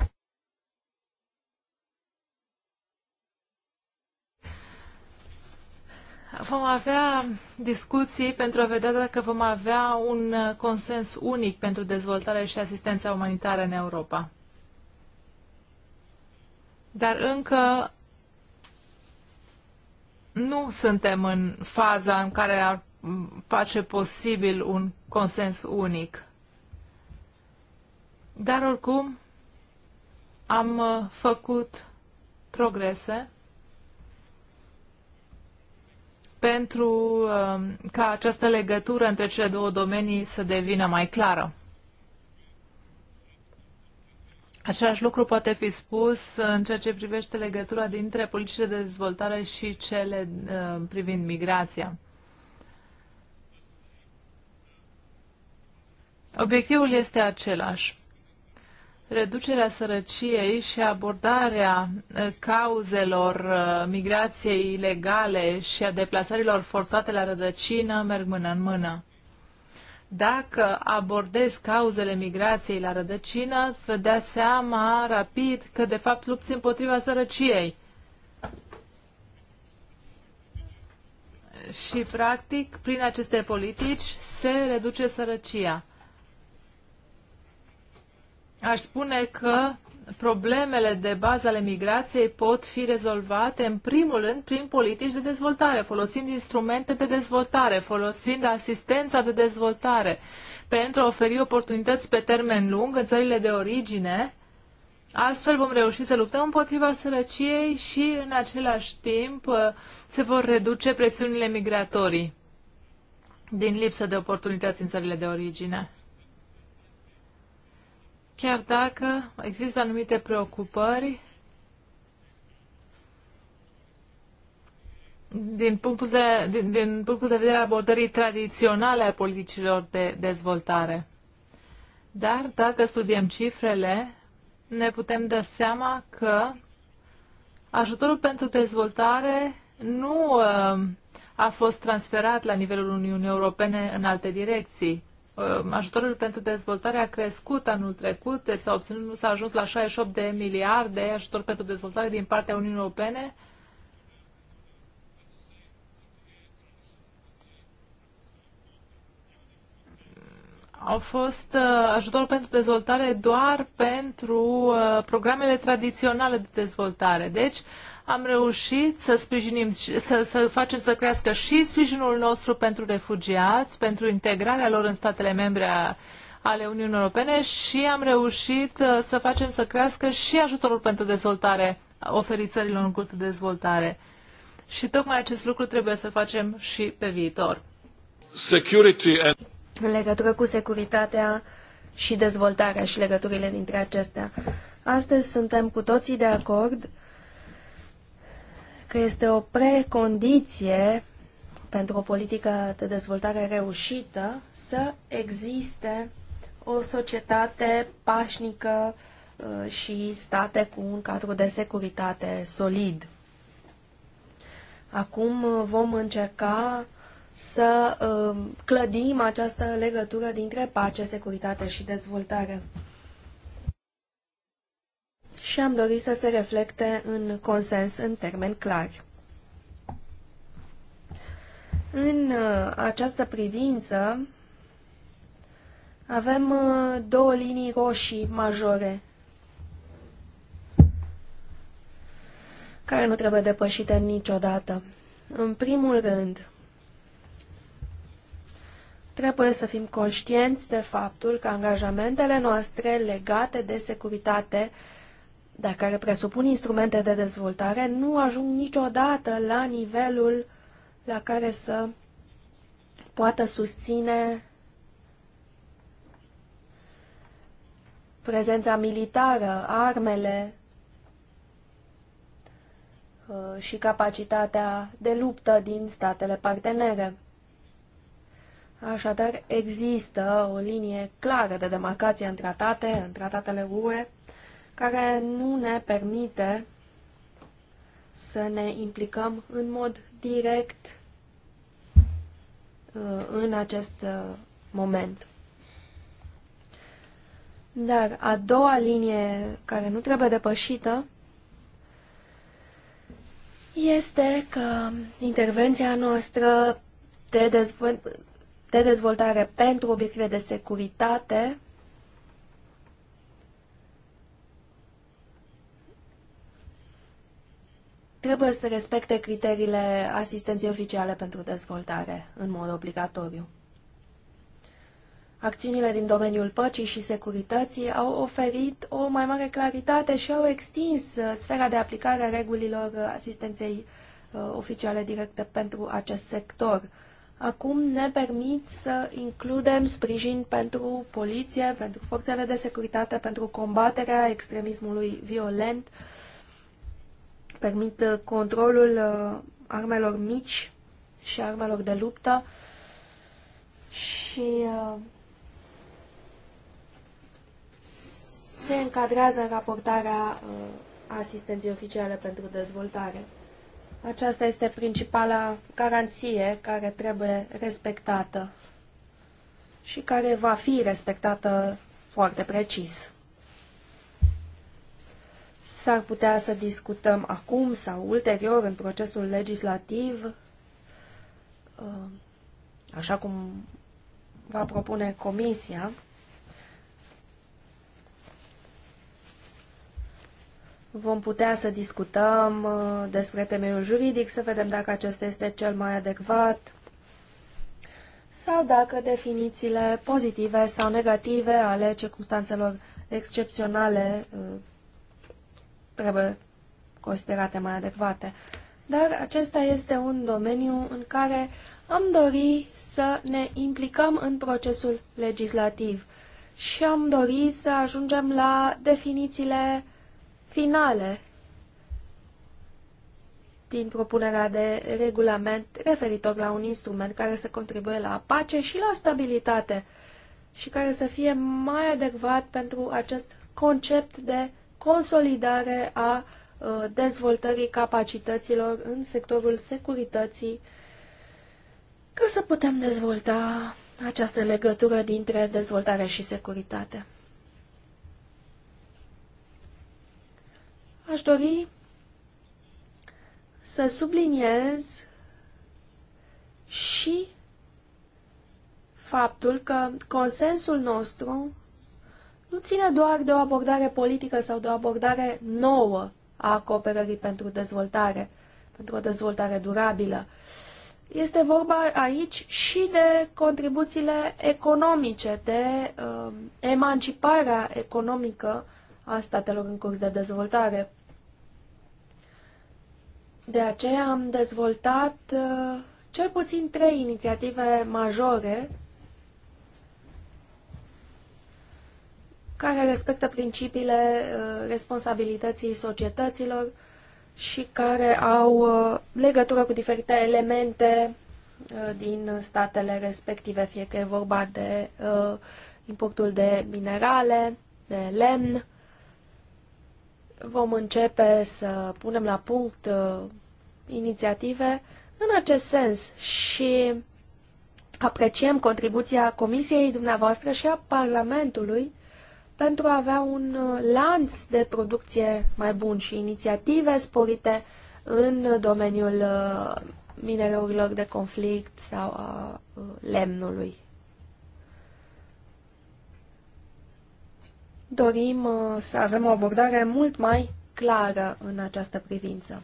Vom avea discuții pentru a vedea dacă vom avea un consens unic pentru dezvoltare și asistența umanitară în Europa. Dar încă nu suntem în faza în care ar face posibil un consens unic. Dar oricum am uh, făcut progrese pentru uh, ca această legătură între cele două domenii să devină mai clară. Același lucru poate fi spus în ceea ce privește legătura dintre politicile de dezvoltare și cele uh, privind migrația. Obiectivul este același. Reducerea sărăciei și abordarea uh, cauzelor uh, migrației ilegale și a deplasărilor forțate la rădăcină merg mână în mână. Dacă abordezi cauzele migrației la rădăcină, îți vă dea seama rapid că, de fapt, lupți împotriva sărăciei. Și, practic, prin aceste politici se reduce sărăcia. Aș spune că problemele de bază ale migrației pot fi rezolvate în primul rând prin politici de dezvoltare, folosind instrumente de dezvoltare, folosind asistența de dezvoltare pentru a oferi oportunități pe termen lung în țările de origine. Astfel vom reuși să luptăm împotriva sărăciei și în același timp se vor reduce presiunile migratorii din lipsă de oportunități în țările de origine chiar dacă există anumite preocupări din punctul de, din, din punctul de vedere al abordării tradiționale a politicilor de dezvoltare. Dar dacă studiem cifrele, ne putem da seama că ajutorul pentru dezvoltare nu ă, a fost transferat la nivelul Uniunii Europene în alte direcții. Ehm, ajutorul pentru dezvoltare a crescut anul trecut, deci s-a obținut, s-a ajuns la 68 de miliarde ajutor pentru dezvoltare din partea Uniunii Europene. Au fost uh, ajutor pentru dezvoltare doar pentru uh, programele tradiționale de dezvoltare. Deci, am reușit să sprijinim, să, să facem să crească și sprijinul nostru pentru refugiați, pentru integrarea lor în statele membre a, ale Uniunii Europene și am reușit uh, să facem să crească și ajutorul pentru dezvoltare oferit țărilor în curs de dezvoltare. Și tocmai acest lucru trebuie să facem și pe viitor. Security and... În legătură cu securitatea și dezvoltarea și legăturile dintre acestea. Astăzi suntem cu toții de acord că este o precondiție pentru o politică de dezvoltare reușită să existe o societate pașnică uh, și state cu un cadru de securitate solid. Acum uh, vom încerca să uh, clădim această legătură dintre pace, securitate și dezvoltare și am dorit să se reflecte în consens în termeni clari. În uh, această privință avem uh, două linii roșii majore care nu trebuie depășite niciodată. În primul rând, trebuie să fim conștienți de faptul că angajamentele noastre legate de securitate dar care presupun instrumente de dezvoltare, nu ajung niciodată la nivelul la care să poată susține prezența militară, armele uh, și capacitatea de luptă din statele partenere. Așadar, există o linie clară de demarcație în tratate, în tratatele UE, care nu ne permite să ne implicăm în mod direct uh, în acest uh, moment. Dar a doua linie care nu trebuie depășită este că intervenția noastră de, dezvol de dezvoltare pentru obiective de securitate trebuie să respecte criteriile asistenței oficiale pentru dezvoltare în mod obligatoriu. Acțiunile din domeniul păcii și securității au oferit o mai mare claritate și au extins uh, sfera de aplicare a regulilor uh, asistenței uh, oficiale directe pentru acest sector. Acum ne permit să includem sprijin pentru poliție, pentru forțele de securitate, pentru combaterea extremismului violent, uh, permit uh, controlul uh, armelor mici și armelor de luptă și uh, se încadrează în raportarea asistenței oficiale pentru dezvoltare. Aceasta este principala garanție care trebuie respectată și care va fi respectată foarte precis. S-ar putea să discutăm acum sau ulterior în procesul legislativ, uh, așa cum va propune Comisia. Vom putea să discutăm uh, despre temeiul juridic, să vedem dacă acesta este cel mai adecvat sau dacă definițiile pozitive sau negative ale circunstanțelor excepționale uh, trebuie considerate mai adecvate. Dar acesta este un domeniu în care am dori să ne implicăm în procesul legislativ și am dori să ajungem la definițiile finale din propunerea de regulament referitor la un instrument care să contribuie la pace și la stabilitate și care să fie mai adecvat pentru acest concept de consolidare a uh, dezvoltării capacităților în sectorul securității ca să putem dezvolta această legătură dintre dezvoltare și securitate. Aș dori să subliniez și faptul că consensul nostru nu ține doar de o abordare politică sau de o abordare nouă a cooperării pentru dezvoltare, pentru o dezvoltare durabilă. Este vorba aici și de contribuțiile economice, de uh, emanciparea economică a statelor în curs de dezvoltare. De aceea am dezvoltat uh, cel puțin trei inițiative majore care respectă principiile uh, responsabilității societăților și care au uh, legătură cu diferite elemente uh, din statele respective, fie că e vorba de importul de minerale, de lemn. Vom începe să punem la punct inițiative în acest sens și apreciem contribuția Comisiei dumneavoastră și a Parlamentului pentru a avea un uh, lanț de producție mai bun și inițiative sporite în domeniul uh, minereurilor de conflict sau a uh, lemnului. Dorim să avem o abordare mult mai clară în această privință.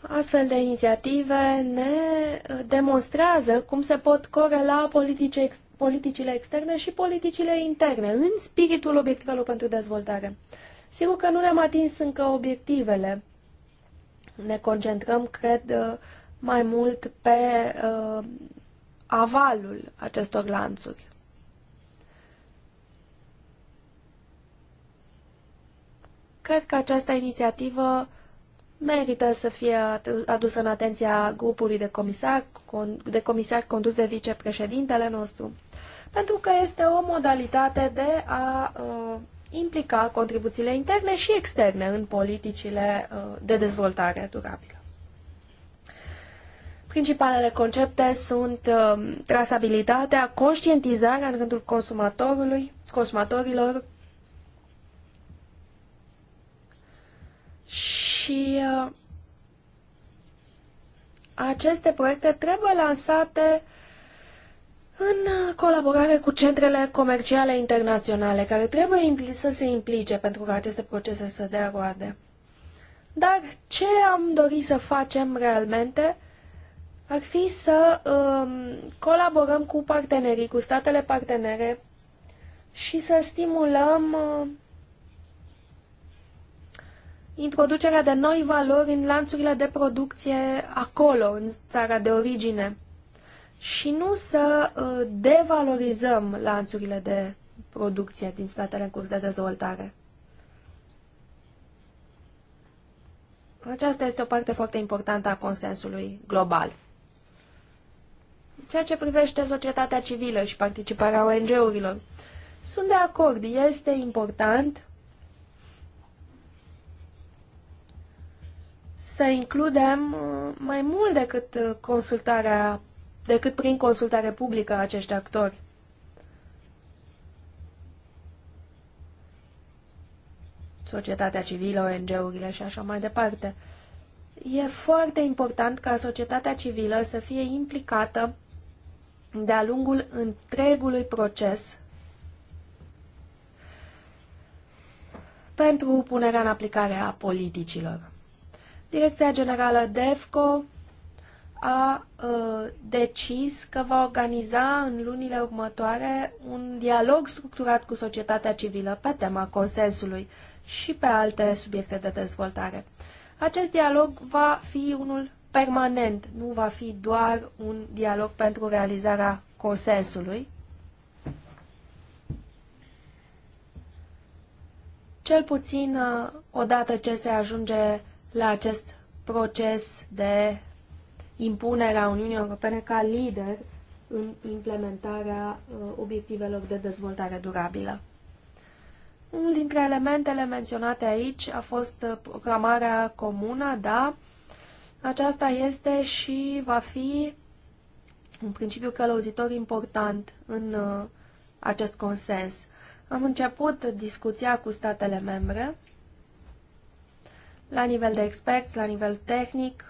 Astfel de inițiative ne demonstrează cum se pot corela politici, externe politicile externe și politicile interne, în spiritul obiectivelor pentru dezvoltare. Sigur că nu ne-am atins încă obiectivele. Ne concentrăm, cred, uh, mai mult pe uh, avalul acestor lanțuri. Cred că această inițiativă merită să fie adusă în atenția grupului de comisar, de comisar condus de vicepreședintele nostru pentru că este o modalitate de a uh, implica contribuțiile interne și externe în politicile uh, de dezvoltare durabilă. Principalele concepte sunt uh, trasabilitatea, conștientizarea în rândul consumatorului, consumatorilor și uh, aceste proiecte trebuie lansate în colaborare cu centrele comerciale internaționale, care trebuie să se implice pentru ca aceste procese să dea roade. Dar ce am dorit să facem realmente ar fi să um, colaborăm cu partenerii, cu statele partenere și să stimulăm uh, introducerea de noi valori în lanțurile de producție acolo, în țara de origine și nu să uh, devalorizăm lanțurile de producție din statele în curs de dezvoltare. Aceasta este o parte foarte importantă a consensului global. Ceea ce privește societatea civilă și participarea ONG-urilor, sunt de acord, este important să includem uh, mai mult decât uh, consultarea decât prin consultare publică a acești actori. societatea civilă, ONG-urile și așa mai departe. E foarte important ca societatea civilă să fie implicată de-a lungul întregului proces pentru punerea în aplicare a politicilor. Direcția Generală DEFCO a uh, decis că va organiza în lunile următoare un dialog structurat cu societatea civilă pe tema consensului și pe alte subiecte de dezvoltare. Acest dialog va fi unul permanent, nu va fi doar un dialog pentru realizarea consensului. Cel puțin uh, odată ce se ajunge la acest proces de impunerea Uniunii Europene ca lider în implementarea uh, obiectivelor de dezvoltare durabilă. Unul dintre elementele menționate aici a fost uh, programarea comună, da, aceasta este și va fi un principiu călăuzitor important în uh, acest consens. Am început discuția cu statele membre la nivel de experți, la nivel tehnic,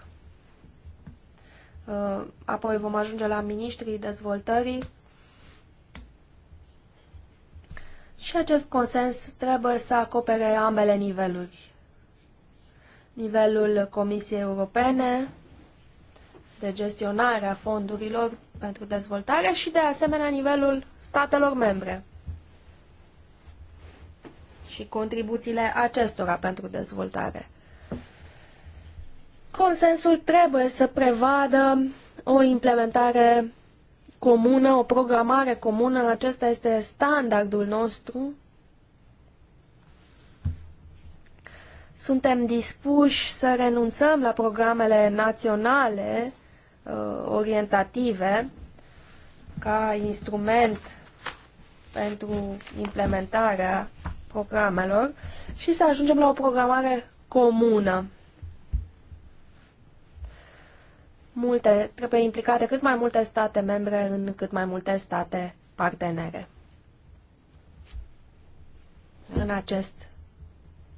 Uh, apoi vom ajunge la ministrii dezvoltării. Și acest consens trebuie să acopere ambele niveluri. Nivelul Comisiei Europene de gestionare a fondurilor pentru dezvoltare și, de asemenea, nivelul statelor membre și contribuțiile acestora pentru dezvoltare. Consensul trebuie să prevadă o implementare comună, o programare comună, acesta este standardul nostru. Suntem dispuși să renunțăm la programele naționale uh, orientative ca instrument pentru implementarea programelor și să ajungem la o programare comună. multe, trebuie implicate cât mai multe state membre în cât mai multe state partenere. În, acest,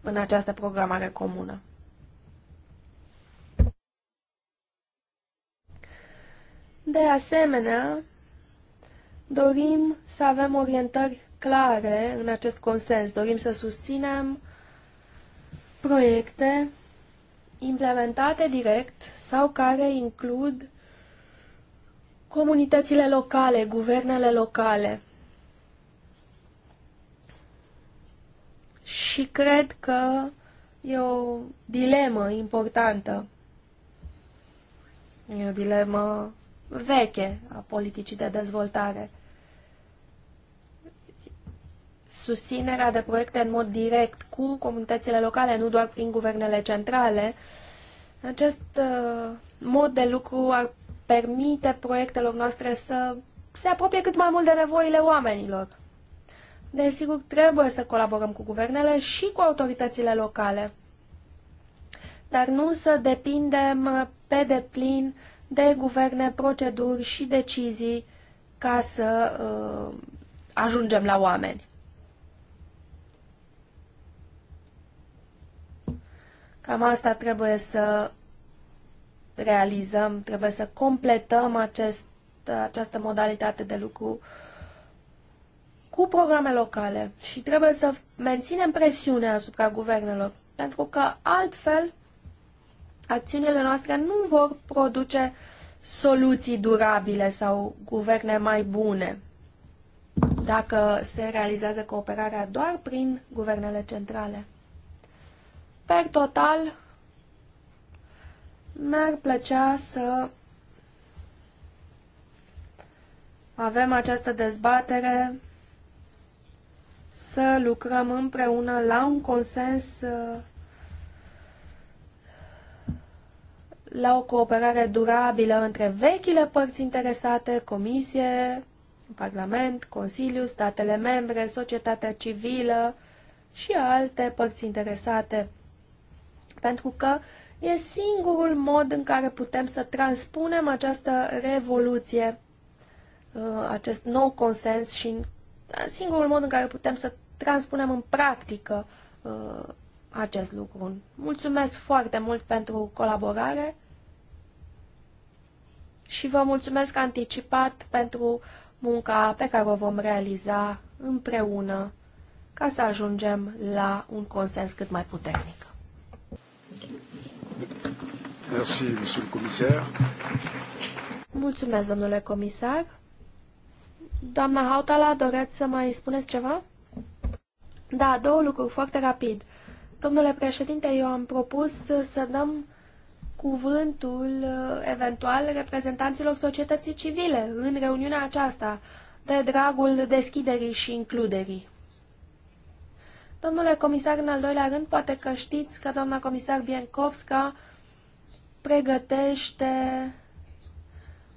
în această programare comună. De asemenea, dorim să avem orientări clare în acest consens. Dorim să susținem proiecte implementate direct sau care includ comunitățile locale, guvernele locale. Și cred că e o dilemă importantă. E o dilemă veche a politicii de dezvoltare susținerea de proiecte în mod direct cu comunitățile locale, nu doar prin guvernele centrale. Acest uh, mod de lucru ar permite proiectelor noastre să se apropie cât mai mult de nevoile oamenilor. Desigur, trebuie să colaborăm cu guvernele și cu autoritățile locale, dar nu să depindem pe deplin de guverne, proceduri și decizii ca să uh, ajungem la oameni. Cam asta trebuie să realizăm, trebuie să completăm acest, această modalitate de lucru cu programe locale și trebuie să menținem presiunea asupra guvernelor, pentru că altfel acțiunile noastre nu vor produce soluții durabile sau guverne mai bune dacă se realizează cooperarea doar prin guvernele centrale. Per total, mi-ar plăcea să avem această dezbatere, să lucrăm împreună la un consens, la o cooperare durabilă între vechile părți interesate, Comisie, Parlament, Consiliu, statele membre, societatea civilă și alte părți interesate pentru că e singurul mod în care putem să transpunem această revoluție, uh, acest nou consens și singurul mod în care putem să transpunem în practică uh, acest lucru. Mulțumesc foarte mult pentru colaborare și vă mulțumesc anticipat pentru munca pe care o vom realiza împreună ca să ajungem la un consens cât mai puternic. Merci, monsieur le commissaire. Mulțumesc, domnule comisar. Doamna Hautala, doreați să mai spuneți ceva? Da, două lucruri, foarte rapid. Domnule președinte, eu am propus să dăm cuvântul uh, eventual reprezentanților societății civile în reuniunea aceasta, de dragul deschiderii și includerii. Domnule comisar, în al doilea rând, poate că știți că doamna comisar Biencovska pregătește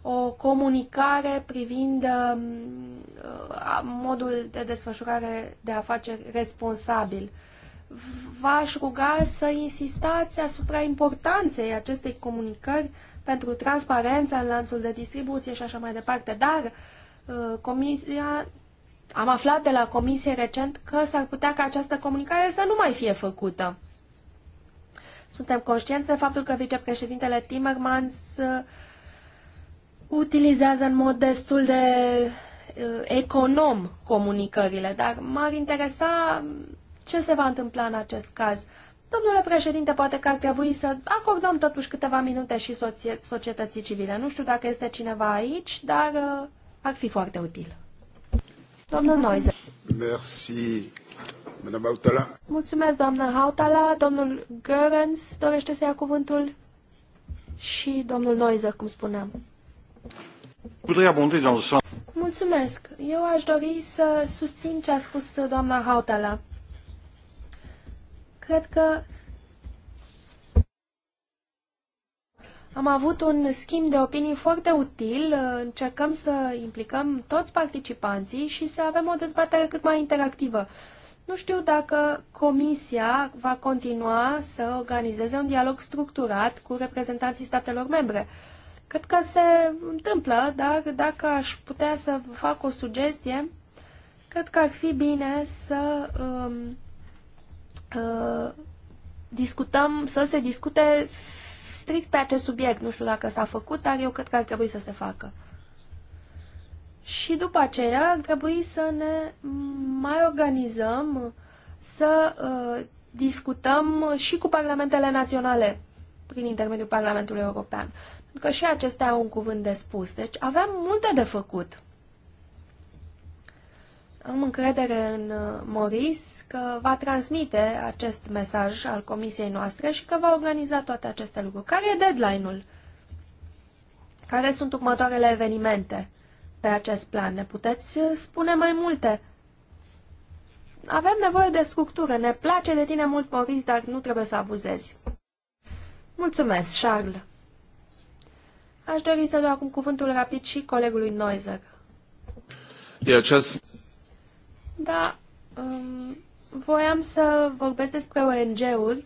o comunicare privind um, uh, modul de desfășurare de afaceri responsabil. V-aș ruga să insistați asupra importanței acestei comunicări pentru transparența în lanțul de distribuție și așa mai departe, dar uh, Comisia am aflat de la comisie recent că s-ar putea ca această comunicare să nu mai fie făcută. Suntem conștienți de faptul că vicepreședintele Timmermans uh, utilizează în mod destul de uh, econom comunicările, dar m-ar interesa ce se va întâmpla în acest caz. Domnule președinte, poate că ar trebui să acordăm totuși câteva minute și societății civile. Nu știu dacă este cineva aici, dar uh, ar fi foarte util. Domnul Noize. Merci, Hautala. Mulțumesc, doamnă Hautala. Domnul Görens dorește să ia cuvântul și domnul Noize, cum spuneam. Mulțumesc. Eu aș dori să susțin ce a spus doamna Hautala. Cred că Am avut un schimb de opinii foarte util, încercăm să implicăm toți participanții și să avem o dezbatere cât mai interactivă. Nu știu dacă Comisia va continua să organizeze un dialog structurat cu reprezentanții statelor membre. Cred că se întâmplă, dar dacă aș putea să fac o sugestie, cred că ar fi bine să um, uh, discutăm, să se discute strict pe acest subiect. Nu știu dacă s-a făcut, dar eu cred că ar trebui să se facă. Și după aceea ar trebui să ne mai organizăm, să uh, discutăm și cu parlamentele naționale prin intermediul Parlamentului European. Pentru că și acestea au un cuvânt de spus. Deci avem multe de făcut. Am încredere în uh, Moris că va transmite acest mesaj al comisiei noastre și că va organiza toate aceste lucruri. Care e deadline-ul? Care sunt următoarele evenimente pe acest plan? Ne puteți uh, spune mai multe? Avem nevoie de structură. Ne place de tine mult, Moris, dar nu trebuie să abuzezi. Mulțumesc, Charles. Aș dori să dau acum cuvântul rapid și colegului Noizer. Yeah, just da, um, voiam să vorbesc despre ONG-uri.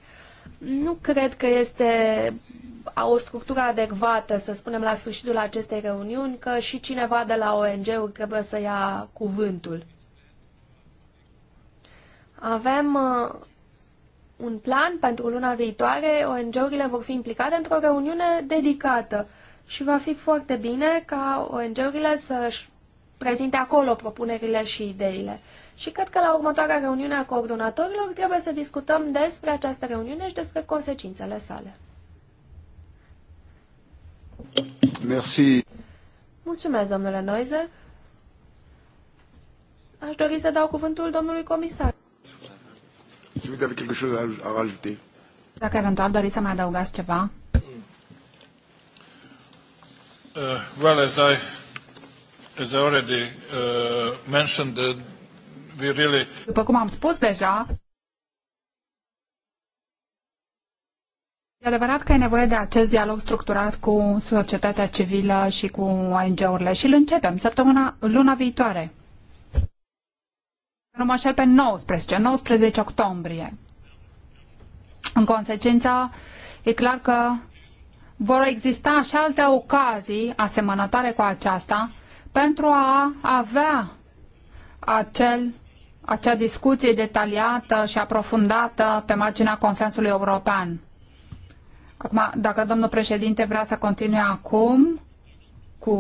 Nu cred că este o structură adecvată, să spunem, la sfârșitul acestei reuniuni, că și cineva de la ONG-uri trebuie să ia cuvântul. Avem uh, un plan pentru luna viitoare, ONG-urile vor fi implicate într-o reuniune dedicată și va fi foarte bine ca ONG-urile să-și prezinte acolo propunerile și ideile. Și cred că la următoarea reuniune a coordonatorilor trebuie să discutăm despre această reuniune și despre consecințele sale. Merci. Mulțumesc, domnule Noize. Aș dori să dau cuvântul domnului comisar. Dacă eventual doriți să mai adăugați ceva. Uh, well, as I as I already uh, mentioned, uh, we really... După cum am spus deja, E adevărat că e nevoie de acest dialog structurat cu societatea civilă și cu ONG-urile și îl începem săptămâna, luna viitoare. Nu mă așel pe 19, 19 octombrie. În consecință, e clar că vor exista și alte ocazii asemănătoare cu aceasta pentru a avea acel, acea discuție detaliată și aprofundată pe marginea consensului european. Acum, dacă domnul președinte vrea să continue acum cu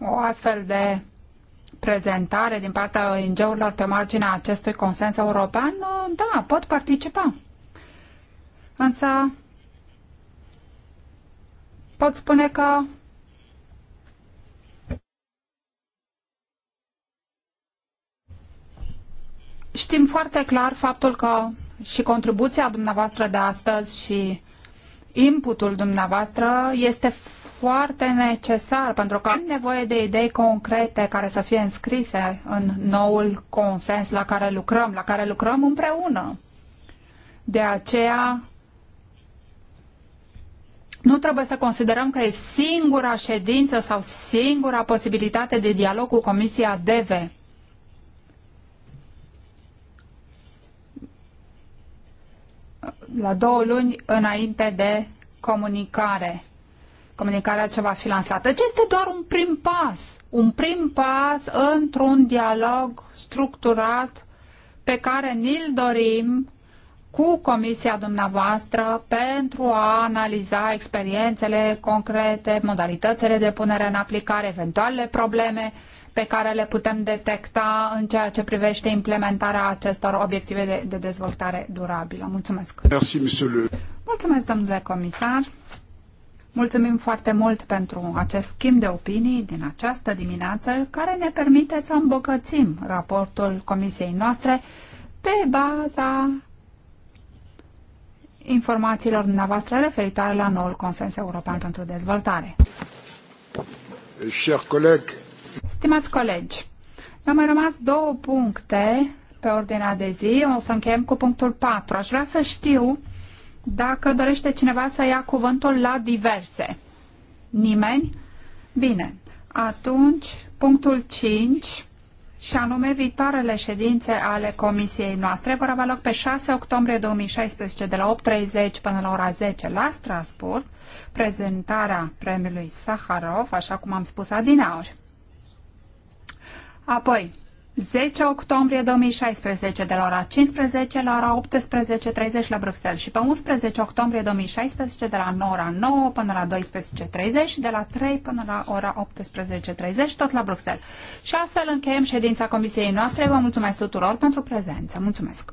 o astfel de prezentare din partea ONG-urilor pe marginea acestui consens european, da, pot participa. Însă pot spune că știm foarte clar faptul că și contribuția dumneavoastră de astăzi și inputul dumneavoastră este foarte necesar pentru că am nevoie de idei concrete care să fie înscrise în noul consens la care lucrăm, la care lucrăm împreună. De aceea nu trebuie să considerăm că e singura ședință sau singura posibilitate de dialog cu Comisia DEVE. la două luni înainte de comunicare. Comunicarea ce va fi lansată. Deci este doar un prim pas, un prim pas într-un dialog structurat pe care ni-l dorim cu comisia dumneavoastră pentru a analiza experiențele concrete, modalitățile de punere în aplicare, eventuale probleme pe care le putem detecta în ceea ce privește implementarea acestor obiective de, de dezvoltare durabilă. Mulțumesc! Mulțumesc, domnule comisar! Mulțumim foarte mult pentru acest schimb de opinii din această dimineață care ne permite să îmbogățim raportul comisiei noastre pe baza informațiilor dumneavoastră referitoare la noul consens european pentru dezvoltare. Chers coleg, Stimați colegi, ne-au mai rămas două puncte pe ordinea de zi. O să încheiem cu punctul 4. Aș vrea să știu dacă dorește cineva să ia cuvântul la diverse. Nimeni? Bine. Atunci, punctul 5 și anume viitoarele ședințe ale comisiei noastre vor avea loc pe 6 octombrie 2016 de la 8.30 până la ora 10 la Strasburg, prezentarea premiului Saharov, așa cum am spus adineauri. Apoi, 10 octombrie 2016, de la ora 15 la ora 18.30 la Bruxelles și pe 11 octombrie 2016, de la ora 9 până la 12.30 și de la 3 până la ora 18.30, tot la Bruxelles. Și astfel încheiem ședința comisiei noastre. Vă mulțumesc tuturor pentru prezență. Mulțumesc!